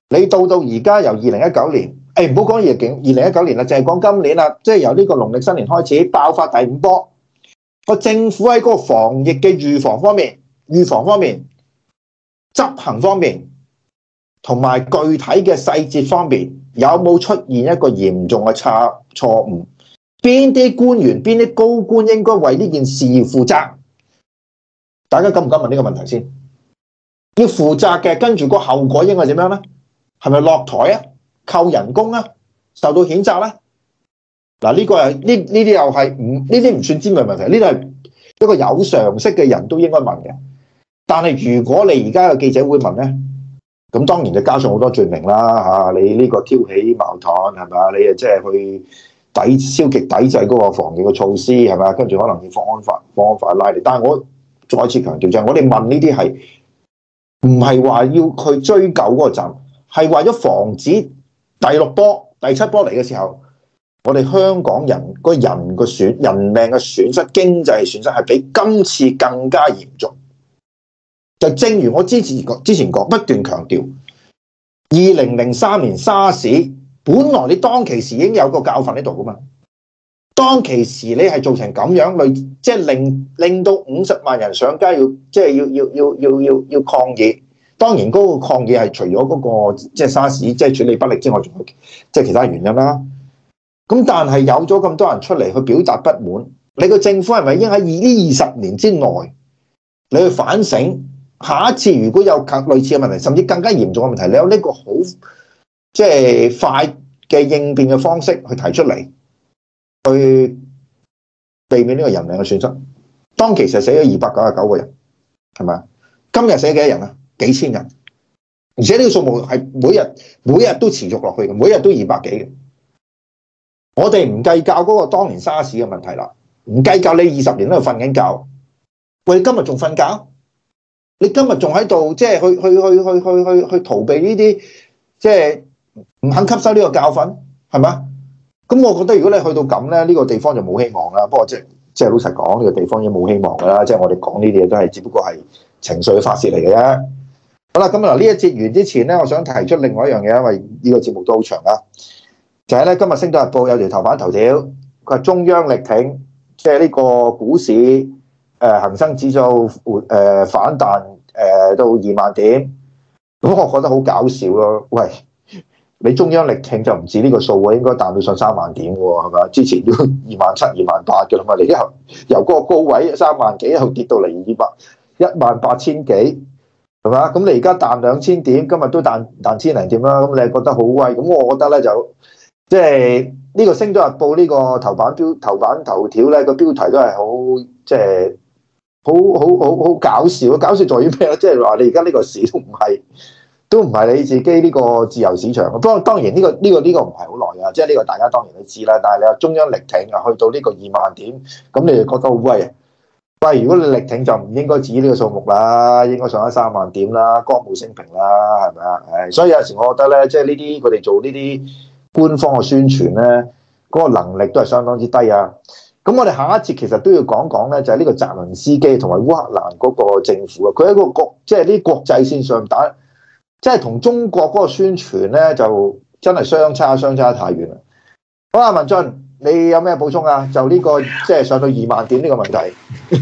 你到到而家由二零一九年，誒，唔好講二零二零一九年啦，就係講今年啦，即係由呢個農曆新年開始爆發第五波，個政府喺嗰個防疫嘅預防方面、預防方面、執行方面，同埋具體嘅細節方面，有冇出現一個嚴重嘅差錯誤？邊啲官員、邊啲高官應該為呢件事而負責？大家敢唔敢問呢個問題先？要負責嘅，跟住個後果應該點樣咧？係咪落台啊？扣人工啊？受到譴責咧？嗱、這個，呢個又呢呢啲又係唔呢啲唔算尖銳問題，呢啲係一個有常識嘅人都應該問嘅。但係如果你而家嘅記者會問咧，咁當然就加上好多罪名啦。吓、啊，你呢個挑起矛盾係咪啊？你啊即係去。抵消極抵制嗰個防疫嘅措施係咪？跟住可能要放安法、放安法拉嚟。但係我再次強調，就係我哋問呢啲係唔係話要去追究嗰個站，係為咗防止第六波、第七波嚟嘅時候，我哋香港人、嗰個人嘅損、人命嘅損失、經濟損失係比今次更加嚴重。就正如我之前之前講不斷強調，二零零三年沙士。本來你當其時已經有個教訓喺度噶嘛，當其時你係做成咁樣，類即係令令到五十萬人上街要，即係要要要要要要抗議。當然嗰個抗議係除咗嗰個即係沙士即係處理不力之外，仲有即係其他原因啦。咁但係有咗咁多人出嚟去表達不滿，你個政府係咪應該喺呢二十年之內，你去反省下一次如果有類類似嘅問題，甚至更加嚴重嘅問題，你有呢個好？即係快嘅應變嘅方式去提出嚟，去避免呢個人命嘅損失。當其實死咗二百九十九個人，係咪今日死幾多人啊？幾千人，而且呢個數目係每日每日都持續落去嘅，每日都二百幾嘅。我哋唔計較嗰個當年沙士嘅問題啦，唔計較你二十年都喺度瞓緊覺，喂，今日仲瞓覺？你今日仲喺度，即係去去去去去去,去逃避呢啲，即係。唔肯吸收呢個教訓，係嘛？咁我覺得如果你去到咁咧，呢個地方就冇希望啦。不過即係即係老實講，呢個地方已經冇希望噶啦。即係我哋講呢啲嘢都係只不過係情緒嘅發泄嚟嘅啫。好啦，咁嗱，呢一節完之前咧，我想提出另外一樣嘢，因為呢個節目都好長啊。就係咧，今日《星島日報》有條頭版頭條，佢話中央力挺，即係呢個股市誒恒生指數誒反彈誒到二萬點，咁我覺得好搞笑咯啊。喂！你中央力挺就唔止呢個數喎，應該彈到上三萬點喎，係咪啊？之前都二萬七、二萬八嘅啦嘛，嚟由由嗰個高位三萬幾又跌到嚟二萬一萬八千幾，係咪啊？咁你而家彈兩千點，今日都彈彈千零點啦，咁你係覺得好威？咁我覺得咧就即係呢個《星島日報》呢個頭版標頭版頭條咧個標題都係、即係、好即係好好好好搞笑，搞笑在於咩咧？即係話你而家呢個市都唔係。都唔係你自己呢個自由市場，不過當然呢個呢個呢個唔係好耐啊，即係呢個大家當然都知啦。但係你話中央力挺啊，去到呢個二萬點，咁你就覺得好威啊？喂，如果你力挺就唔應該指呢個數目啦，應該上咗三萬點啦，歌舞升平啦，係咪啊？誒，所以有時我覺得咧，即係呢啲佢哋做呢啲官方嘅宣傳咧，嗰個能力都係相當之低啊。咁我哋下一節其實都要講講咧，就係呢個澤倫斯基同埋烏克蘭嗰個政府啊，佢喺個國即係啲國際線上打。即係同中國嗰個宣傳咧，就真係相差相差太遠啦。好啦，文進，你有咩補充啊？就呢、這個即係、就是、上到二萬點呢個問題。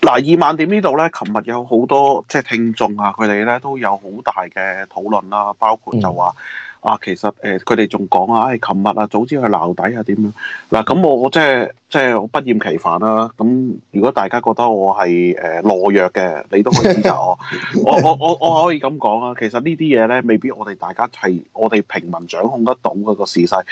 嗱， 二萬點呢度咧，琴日有好多即係聽眾啊，佢哋咧都有好大嘅討論啦、啊，包括就話。嗯啊，其實誒，佢哋仲講啊，誒、哎，琴日啊，早知去鬧底啊點樣啊？嗱、啊，咁我我即係即係我不厭其煩啦、啊。咁如果大家覺得我係誒、呃、懦弱嘅，你都可以理解我。我我我我可以咁講啊。其實呢啲嘢咧，未必我哋大家係我哋平民掌控得到嘅個時勢。唔、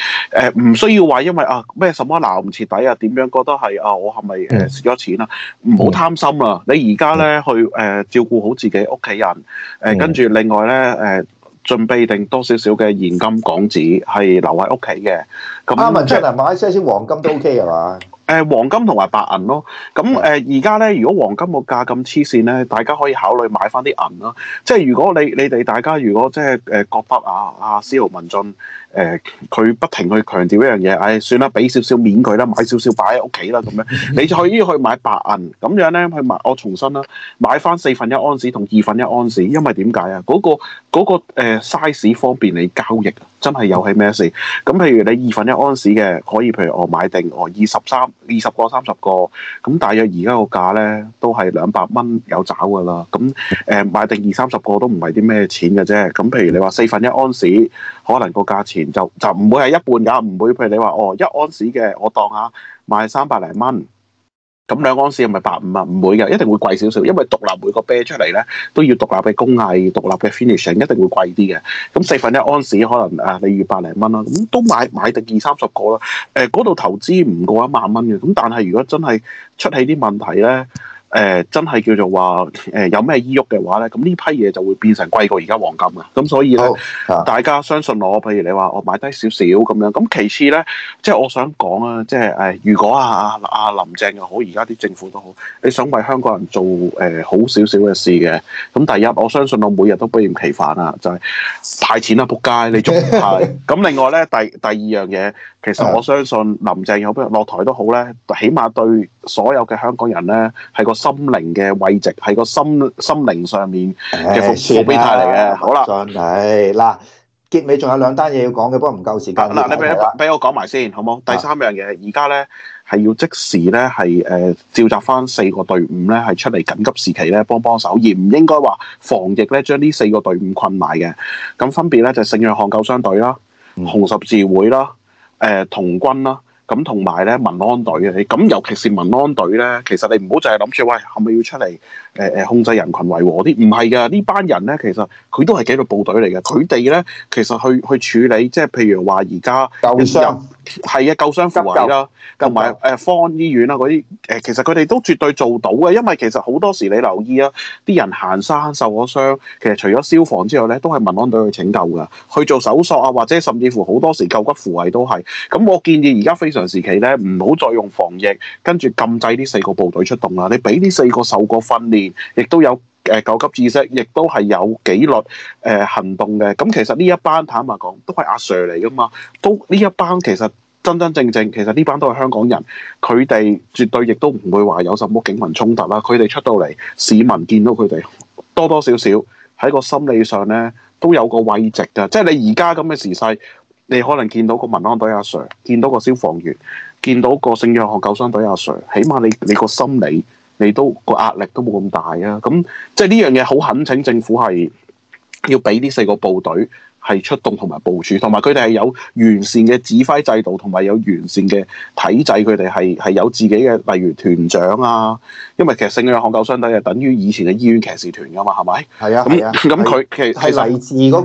呃、需要話因為啊咩什麼鬧唔徹底啊點樣覺得係啊我係咪誒蝕咗錢啊？唔好貪心啦、啊！你而家咧去誒照顧好自己屋企人誒、呃，跟住另外咧誒。呃呃呃準備定多少少嘅現金港紙係留喺屋企嘅。咁啱啊，出嚟就、啊、買些少黃金都 OK 係嘛？誒黃金同埋白銀咯，咁誒而家咧，如果黃金個價咁黐線咧，大家可以考慮買翻啲銀啦。即係如果你你哋大家如果即係誒覺得啊啊司徒文進誒佢不停去強調、哎、一樣嘢，唉算啦，俾少少面佢啦，買少少擺喺屋企啦咁樣，你就可以去買白銀。咁樣咧去買，我重新啦，買翻四分一安士同二分一安士，因為點解啊？嗰個嗰個誒 size 方便你交易。真係又係咩事？咁譬如你二分一安士嘅，可以譬如我買定我二十三二十個三十個，咁大約而家個價呢都係兩百蚊有找噶啦。咁誒、呃、買定二三十個都唔係啲咩錢嘅啫。咁譬如你話四分一安士，可能個價錢就就唔會係一半㗎，唔會譬如你話哦一安士嘅，我當下賣三百零蚊。咁兩安士係咪百五啊？唔會嘅，一定會貴少少，因為獨立每個啤出嚟咧都要獨立嘅工藝、獨立嘅 finishing，一定會貴啲嘅。咁四分一安士可能誒、啊，例如二百零蚊啦，咁都買買定二三十個啦。誒、呃，嗰度投資唔過一萬蚊嘅，咁但係如果真係出起啲問題咧。誒、呃、真係叫做、呃、話誒有咩依郁嘅話咧，咁呢批嘢就會變成貴過而家黃金嘅，咁所以咧、oh. uh huh. 大家相信我，譬如你話我買低少少咁樣，咁其次咧，即、就、係、是、我想講啊，即係誒如果啊啊，啊林鄭又好，而家啲政府都好，你想為香港人做誒、呃、好少少嘅事嘅，咁第一我相信我每日都不厭其煩、就是、啊，就係派錢啦，仆街，你仲派，咁 另外咧第第二樣嘢。其實我相信林鄭有不如落台都好咧，起碼對所有嘅香港人咧係個心靈嘅慰藉，係個心心靈上面嘅服伏筆態嚟嘅。好啦了，再睇嗱結尾仲有兩單嘢要講嘅，不過唔夠時間。嗱，你俾俾我講埋先，好冇？第三樣嘢，而家咧係要即時咧係誒召集翻四個隊伍咧係出嚟緊急時期咧幫幫手，而唔應該話防疫咧將呢四個隊伍困埋嘅。咁分別咧就係聖約翰救傷隊啦、紅十字會啦。嗯誒，童、呃、軍啦，咁同埋咧，民安隊啊，咁尤其是民安隊咧，其實你唔好淨係諗住，喂，係咪要出嚟？誒，誒，控制人群維和啲唔係㗎，呢班人咧，其實佢都係幾個部隊嚟嘅，佢哋咧其實去去處理，即係譬如話而家救傷係啊，救傷扶危啦，同埋誒方醫院啦嗰啲誒，其實佢哋都絕對做到嘅，因為其實好多時你留意啊，啲人行山受咗傷，其實除咗消防之外咧，都係民安隊去拯救㗎，去做搜索啊，或者甚至乎好多時救急扶危都係。咁我建議而家非常時期咧，唔好再用防疫跟住禁制呢四個部隊出動啦，你俾呢四個受過訓練。亦都有誒救急知識，亦都係有紀律誒、呃、行動嘅。咁其實呢一班坦白講，都係阿 Sir 嚟噶嘛。都呢一班其實真真正正，其實呢班都係香港人。佢哋絕對亦都唔會話有什麼警民衝突啦。佢哋出到嚟，市民見到佢哋多多少少喺個心理上呢都有個慰藉㗎。即係你而家咁嘅時勢，你可能見到個民安隊阿 Sir，見到個消防員，見到個聖約翰救傷隊阿 Sir，起碼你你個心理。你都個壓力都冇咁大啊！咁即係呢樣嘢好懇請政府係要俾呢四個部隊係出動同埋部署，同埋佢哋係有完善嘅指揮制度，同埋有，有完善嘅體制，佢哋係係有自己嘅，例如團長啊。因為其實聖約翰救傷隊係等於以前嘅醫院騎士團㗎嘛，係咪？係啊，咁咁佢其係實嚟自嗰、那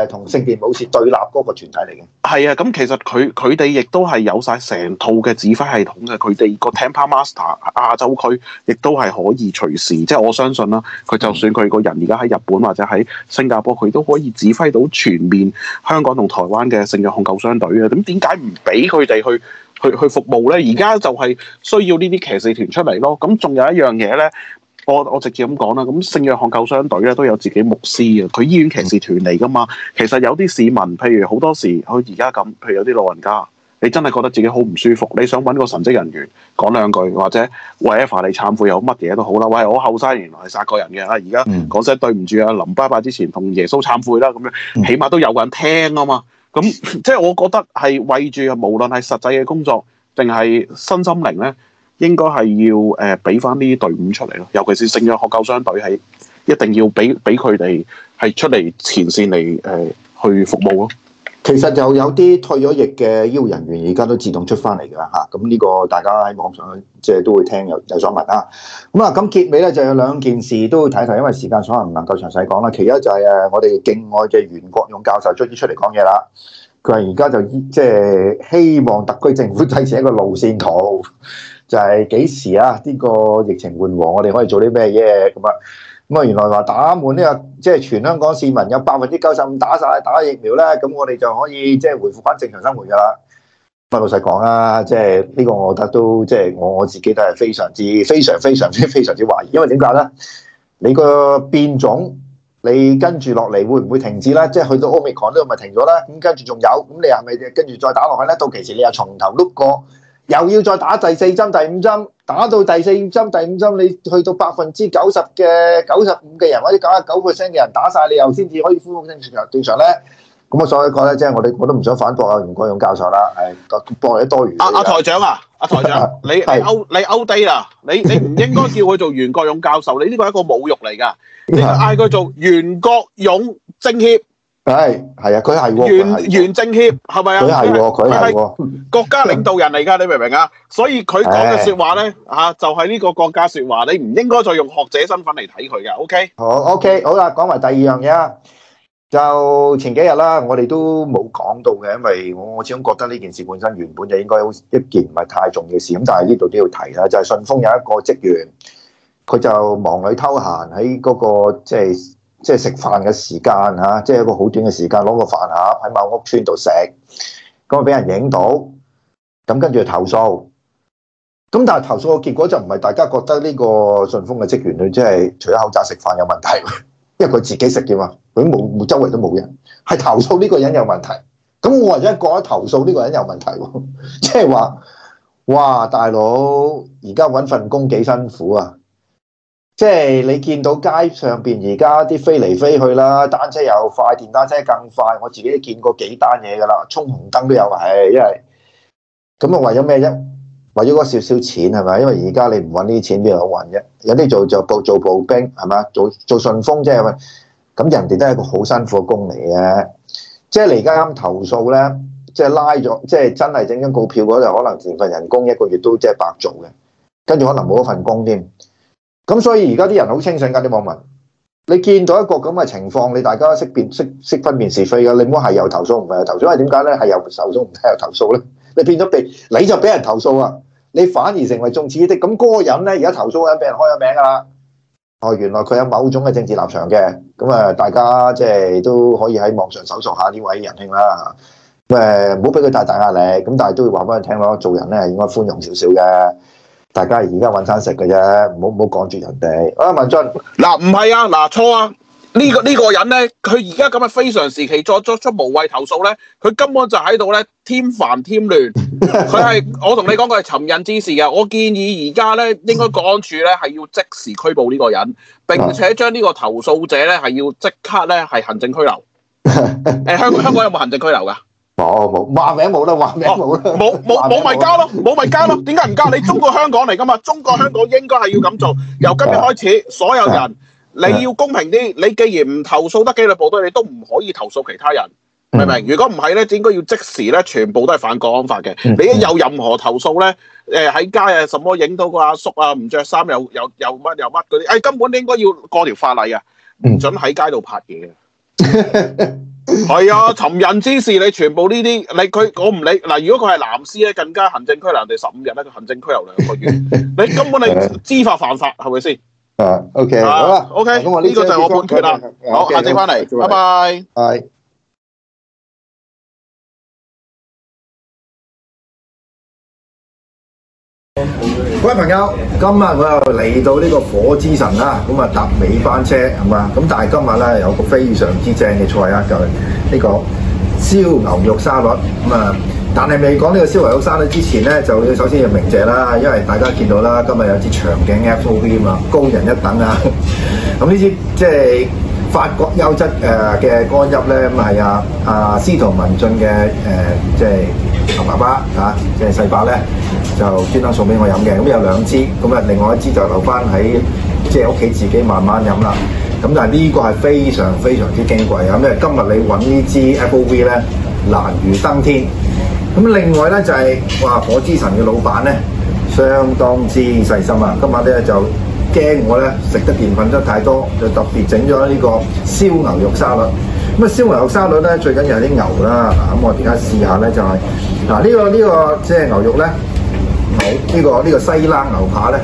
個同聖殿武士對立嗰個團體嚟嘅。係啊，咁其實佢佢哋亦都係有晒成套嘅指揮系統嘅。佢哋個 Temper Master 亞洲區亦都係可以隨時，即、就、係、是、我相信啦。佢就算佢個人而家喺日本或者喺新加坡，佢、嗯、都可以指揮到全面香港同台灣嘅聖約翰救傷隊啊。咁點解唔俾佢哋去？去去服務咧，而家就係需要呢啲騎士團出嚟咯。咁仲有一樣嘢咧，我我直接咁講啦。咁聖約翰救傷隊咧，都有自己牧師啊，佢醫院騎士團嚟噶嘛。其實有啲市民，譬如好多時佢而家咁，譬如有啲老人家，你真係覺得自己好唔舒服，你想揾個神職人員講兩句，或者喂，阿凡你懺悔有乜嘢都好啦。喂，我後生原來係殺過人嘅啊，而家講聲對唔住啊，林伯伯之前同耶穌懺悔啦，咁樣起碼都有個人聽啊嘛。咁即係我覺得係為住無論係實際嘅工作定係身心靈呢，應該係要誒俾翻啲隊伍出嚟咯。尤其是聖約翰救傷隊係一定要俾俾佢哋係出嚟前線嚟誒、呃、去服務咯。其實就有啲退咗役嘅醫護人員而家都自動出翻嚟㗎嚇，咁、啊、呢、這個大家喺網上即係都會聽有有，有所聞啦。咁啊，咁結尾咧就有兩件事都要睇一睇，因為時間所限唔能夠詳細講啦。其一就係誒我哋境外嘅袁國勇教授終於出嚟講嘢啦。佢話而家就即係、就是、希望特區政府提示一個路線圖，就係、是、幾時啊？呢、這個疫情緩和，我哋可以做啲咩嘢咁啊？Yeah, 咁原來話打滿呢、這個即係、就是、全香港市民有百分之九十五打晒打疫苗咧，咁我哋就可以即係、就是、回復翻正常生活㗎啦。咁啊，老實講啦，即係呢個我覺得都即係、就是、我我自己都係非常之非常非常之非常之懷疑，因為點解咧？你個變種你跟住落嚟會唔會停止咧？即、就、係、是、去到 Omicron 呢個咪停咗咧？咁跟住仲有，咁你係咪跟住再打落去咧？到期時你又從頭碌過？又要再打第四針、第五針，打到第四針、第五針，你去到百分之九十嘅、九十五嘅人或者九十九 percent 嘅人打晒，你又先至可以恢復正常正常咧。咁我再講咧，即係我哋我都唔想反駁啊袁國勇教授啦，係駁你多餘。阿阿、啊啊、台長啊，阿、啊、台長， 你你勾你勾地啦，你 out，你唔 應該叫佢做袁國勇教授，你呢個係一個侮辱嚟㗎，你嗌佢做袁國勇政協。係係啊，佢係原原政協係咪啊？佢係佢係國家領導人嚟噶， 你明唔明啊？所以佢講嘅說話咧，吓的、啊、就係、是、呢個國家說話，你唔應該再用學者身份嚟睇佢嘅。OK, okay? 好, OK, okay, 好啦，講埋第二樣嘢啊，就前幾日啦，我哋都冇講到嘅，因為我我始終覺得呢件事本身原本就應該好一件唔係太重要事，咁但係呢度都要提啦，就係順豐有一個職員，佢就忙裏偷閒喺嗰個即係。就是即係食飯嘅時間嚇，即係一個好短嘅時間攞個飯嚇，喺某屋村度食，咁啊俾人影到，咁跟住投訴。咁但係投訴嘅結果就唔係大家覺得呢個順豐嘅職員佢即係除咗口罩食飯有問題，因為佢自己食嘅嘛，佢冇周圍都冇人，係投訴呢個人有問題。咁我或者覺得投訴呢個人有問題喎，即係話，哇大佬，而家揾份工幾辛苦啊！即係你見到街上邊而家啲飛嚟飛去啦，單車又快，電單車更快。我自己都見過幾單嘢噶啦，衝紅燈都有係，因為咁啊為咗咩啫？為咗嗰少少錢係咪？因為而家你唔搵呢啲錢邊度搵啫？有啲做做步做步兵係咪？做做順豐即係咁，人哋都係一個好辛苦嘅工嚟嘅。即係你而家啱投訴咧，即係拉咗，即係真係整張告票嗰度，可能成份人工一個月都即係白做嘅，跟住可能冇咗份工添。咁所以而家啲人好清醒噶，啲網民，你見到一個咁嘅情況，你大家識辨識識分辨是非噶，你唔好係又投訴唔係又投訴，因為點解咧係又投訴唔係又投訴咧？你變咗被你就俾人投訴啊，你反而成為眾矢之的。咁嗰個人咧，而家投訴人俾人開咗名噶啦。哦，原來佢有某種嘅政治立場嘅，咁啊，大家即係都可以喺網上搜索下呢位仁兄啦。咁、呃、誒，唔好俾佢大大壓力，咁但係都要話翻佢聽咯，做人咧應該寬容少少嘅。大家而家揾餐食嘅啫，唔好唔好講住人哋。啊、哎，文俊，嗱唔係啊，嗱錯啊，呢、啊啊呢個呢、呢個人咧，佢而家咁嘅非常時期，作作出無謂投訴咧，佢根本就喺度咧添煩添亂。佢係 我同你講，佢係尋釁滋事嘅。我建議而家咧，應該國安處咧，係要即時拘捕呢個人，並且將呢個投訴者咧，係要即刻咧係行政拘留。誒、 呃，香港香港有冇行政拘留㗎？哦，冇話名冇啦，話名冇啦，冇冇冇咪交咯，冇咪交咯，點解唔交？你中國香港嚟噶嘛？中國香港應該係要咁做。由今日開始， 所有人 你要公平啲。你既然唔投訴得紀律部隊，你都唔可以投訴其他人， 明唔明？如果唔係咧，就應該要即時咧，全部都係反國安法嘅。 你一有任何投訴咧，誒喺街誒什麼影到個阿叔啊，唔着衫又又又乜又乜嗰啲，誒、哎、根本應該要過條法例啊，唔准喺街度拍嘢 係啊，尋人之事你全部呢啲你佢我唔理嗱，如果佢係藍絲咧，更加行政拘留定十五日咧，佢行政拘留兩個月，你根本你知法犯法係咪先？啊，OK 好啦，OK 咁呢個就係我判決啦，好，下次翻嚟，拜拜。各位朋友，今日我又嚟到呢個火之神啦，咁啊搭尾班車係嘛？咁但係今日咧有個非常之正嘅菜啊，就係呢個燒牛肉沙律。咁啊，但係未講呢個燒牛肉沙律之前咧，就首先要鳴謝啦，因為大家見到啦，今日有支長頸 F O V 啊，高人一等啊。咁呢支即係法國優質誒嘅乾邑咧，咁啊係啊啊，司徒文進嘅誒即係。呃就是同爸爸啊，即係細伯咧，就專登送俾我飲嘅。咁、嗯、有兩支，咁、嗯、啊，另外一支就留翻喺即係屋企自己慢慢飲啦。咁、嗯、但係呢個係非常非常之矜貴啊！因為、嗯、今日你揾呢支 F O V 咧難如登天。咁、嗯、另外咧就係、是、哇，火之神嘅老闆咧相當之細心啊！今晚咧就驚我咧食得澱粉質太多，就特別整咗呢個燒牛肉沙律。咁燒牛沙律咧，最緊要係啲牛啦。咁、啊啊、我而家試下咧，就係嗱呢個呢個即係牛肉咧，好呢個呢個西冷牛扒呢，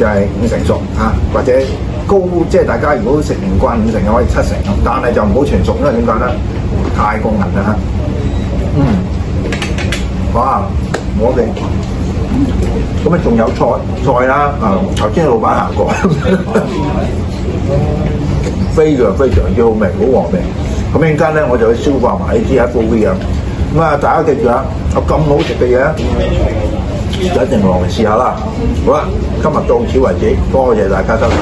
就係五成熟啊，或者高即係、就是、大家如果食唔慣五成，可以七成，但係就唔好全熟，因為點解呢？太過硬啦嚇。嗯、啊，哇，我哋咁啊，仲有菜菜啦啊！頭先老闆行過，非常非常之好味，好和味。咁一間咧，會我就去消化埋呢啲 FV 啊！啊，大家記住啊，咁好食嘅嘢，大家一定落嚟試下啦！好啦，今日到此為止，多謝大家收睇。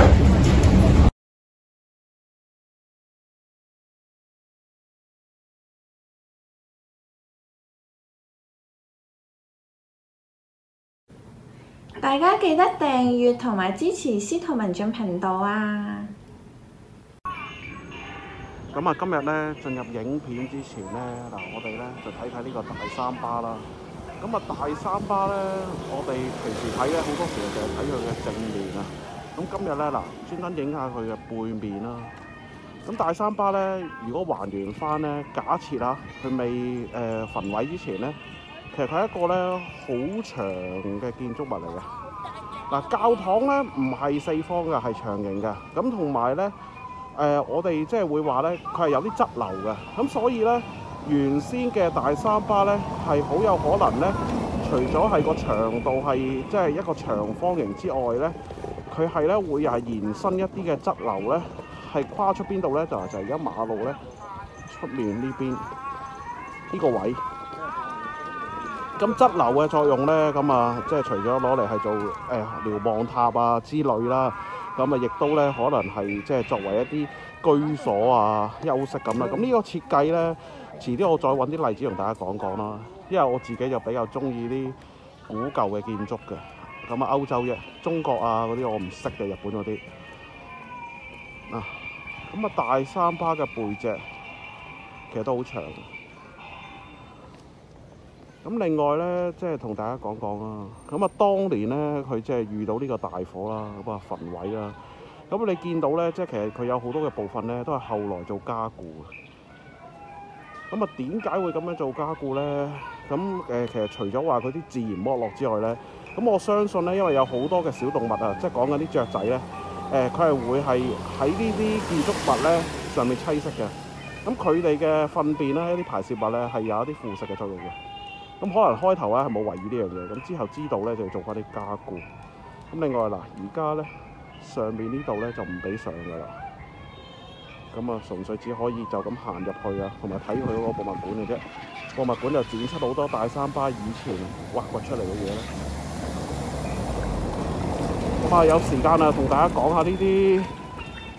大家記得訂閱同埋支持司徒文進頻道啊！咁啊，今日咧進入影片之前咧，嗱，我哋咧就睇睇呢個大三巴啦。咁啊，大三巴咧，我哋平時睇咧，好多時啊，就係睇佢嘅正面啊。咁今日咧，嗱，專登影下佢嘅背面啦。咁大三巴咧，如果還原翻咧，假設啊，佢未誒焚毀之前咧，其實佢係一個咧好長嘅建築物嚟嘅。嗱，教堂咧唔係四方嘅，係長形嘅。咁同埋咧，誒、呃，我哋即係會話呢佢係有啲側流嘅，咁所以呢，原先嘅大三巴呢係好有可能呢，除咗係個長度係即係一個長方形之外呢，佢係呢會又延伸一啲嘅側流呢，係跨出邊度呢？就係而家馬路呢出面呢邊呢、這個位。咁側流嘅作用呢，咁啊，即係除咗攞嚟係做誒瞭、呃、望塔啊之類啦。咁啊，亦都咧，可能係即係作為一啲居所啊、休息咁啦。咁呢個設計咧，遲啲我再搵啲例子同大家講講啦。因為我自己就比較中意啲古舊嘅建築嘅。咁啊，歐洲嘅中國啊嗰啲我唔識嘅，日本嗰啲。嗱，咁啊，大三巴嘅背脊其實都好長。咁另外咧，即係同大家講講啦。咁啊，當年咧，佢即係遇到呢個大火啦，咁啊，焚毀啦。咁你見到咧，即係其實佢有好多嘅部分咧，都係後來做加固。咁啊，點解會咁樣做加固咧？咁誒、呃，其實除咗話佢啲自然剝落之外咧，咁我相信咧，因為有好多嘅小動物啊，即係講緊啲雀仔咧，誒佢係會係喺呢啲建築物咧上面棲息嘅。咁佢哋嘅糞便咧，一啲排泄物咧，係有一啲腐蝕嘅作用嘅。咁可能開頭咧係冇懷疑呢樣嘢，咁之後知道咧就要做翻啲加固。咁另外嗱，而家咧上面呢度咧就唔俾上噶啦。咁啊，純粹只可以就咁行入去啊，同埋睇佢嗰個博物館嘅啫。博物館就展出好多大三巴以前挖掘出嚟嘅嘢啦。咁啊，有時間啊，同大家講下呢啲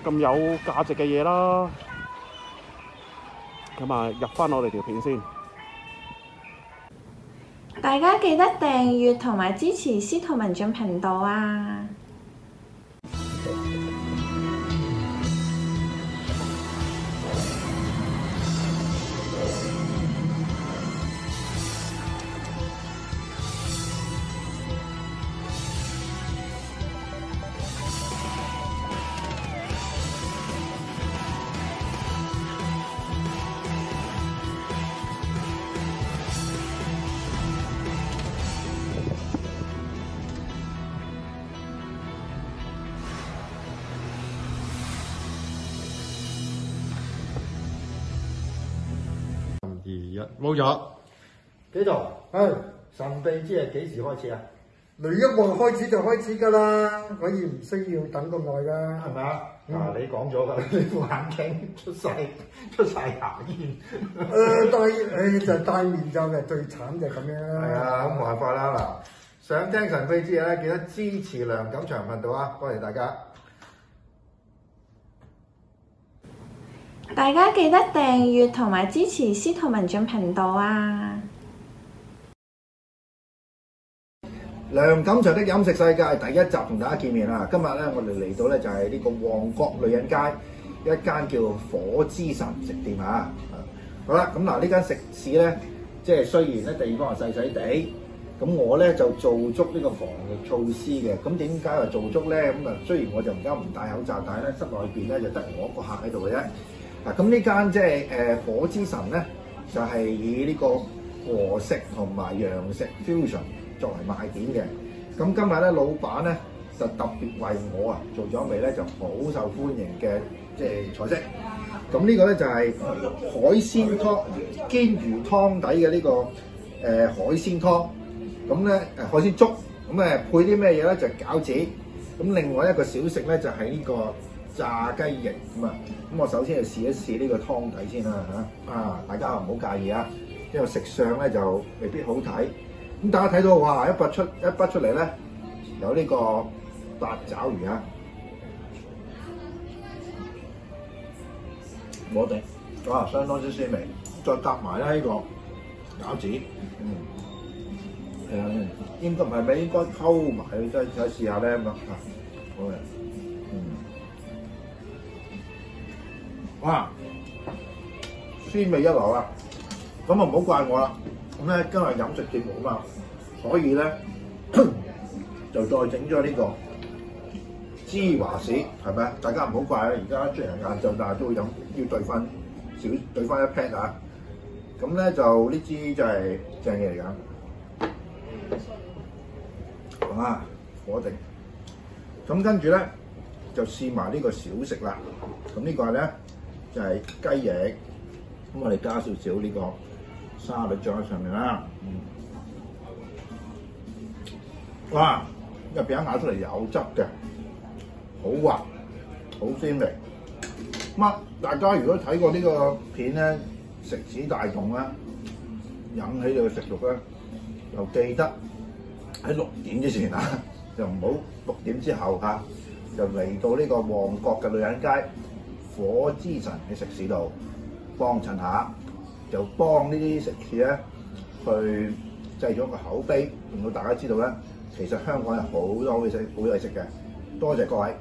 咁有價值嘅嘢啦。咁啊，入翻我哋條片先。大家記得訂閱同埋支持司徒文進頻道啊！二一冇咗，基督，哎度，是神秘之日幾時開始啊？雷一望開始就開始噶啦，我亦唔需要等咁耐啦，係咪吧、嗯、啊？嗱， 你講咗噶，副眼鏡出晒出晒牙煙，誒、 呃，戴誒、哎、就戴、是、面罩嘅， 最慘就咁樣啦。係啊，咁冇辦法啦嗱，想聽神秘之日咧，記得支持梁錦祥頻道啊，多謝，謝大家。大家記得訂閱同埋支持司徒文進頻道啊！梁錦祥的飲食世界第一集同大家見面啦。今日咧，我哋嚟到咧就係呢個旺角女人街一間叫火之神食店啊。好啦，咁嗱呢間食肆咧，即係雖然咧地方係細細地，咁我咧就做足呢個防疫措施嘅。咁點解話做足咧？咁啊，雖然我就而家唔戴口罩，但係咧室內邊咧就得我一個客喺度嘅啫。嗱，咁呢間即係誒火之神咧，就係、是、以呢個和食同埋洋食 fusion 作為賣點嘅。咁、嗯、今日咧，老闆咧就特別為我啊做咗一味咧就好受歡迎嘅即係菜式。咁、呃嗯這個、呢、就是這個咧就係海鮮湯煎魚湯底嘅呢個誒海鮮湯。咁咧誒海鮮粥。咁、嗯、誒、呃、配啲咩嘢咧？就係、是、餃子。咁、嗯、另外一個小食咧就係、是、呢、這個。炸雞翼咁啊，咁我首先就試一試呢個湯底先啦嚇，啊大家唔好介意啊，因為食相咧就未必好睇。咁、啊、大家睇到哇一筆出一筆出嚟咧，有呢個八爪魚啊，我哋啊相當之鮮味，再夾埋咧呢個餃子，嗯，係、嗯、啊，應該唔係咩，應該溝埋先，再試下咧咁啊，好嘅。哇，鮮味一流啊！咁啊唔好怪我啦。咁咧今日飲食節目啊嘛，所以咧就再整咗呢個芝華士，係咪啊？大家唔好怪啊！而家出人晏晝，但係都會飲，要兌翻少，兌翻一 pat 啊！咁咧就呢支就係正嘢嚟㗎。講啊，火定。咁跟住咧就試埋呢個小食啦。咁呢個係咧。就係雞翼，咁我哋加少少呢個沙律醬喺上面啦，嗯。哇，個餅咬出嚟有汁嘅，好滑，好鮮味。咁、啊、大家如果睇過呢個片咧，食指大動啦，引起你嘅食欲，咧，就記得喺六點之前啊，就唔好六點之後啊，就嚟到呢個旺角嘅女人街。火之神喺食肆度幫襯下，就幫呢啲食肆咧去製咗個口碑，令到大家知道咧，其實香港有好多好嘢食，好嘢食嘅，多謝各位。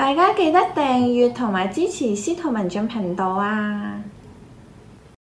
大家記得訂閱同埋支持司徒文進頻道啊！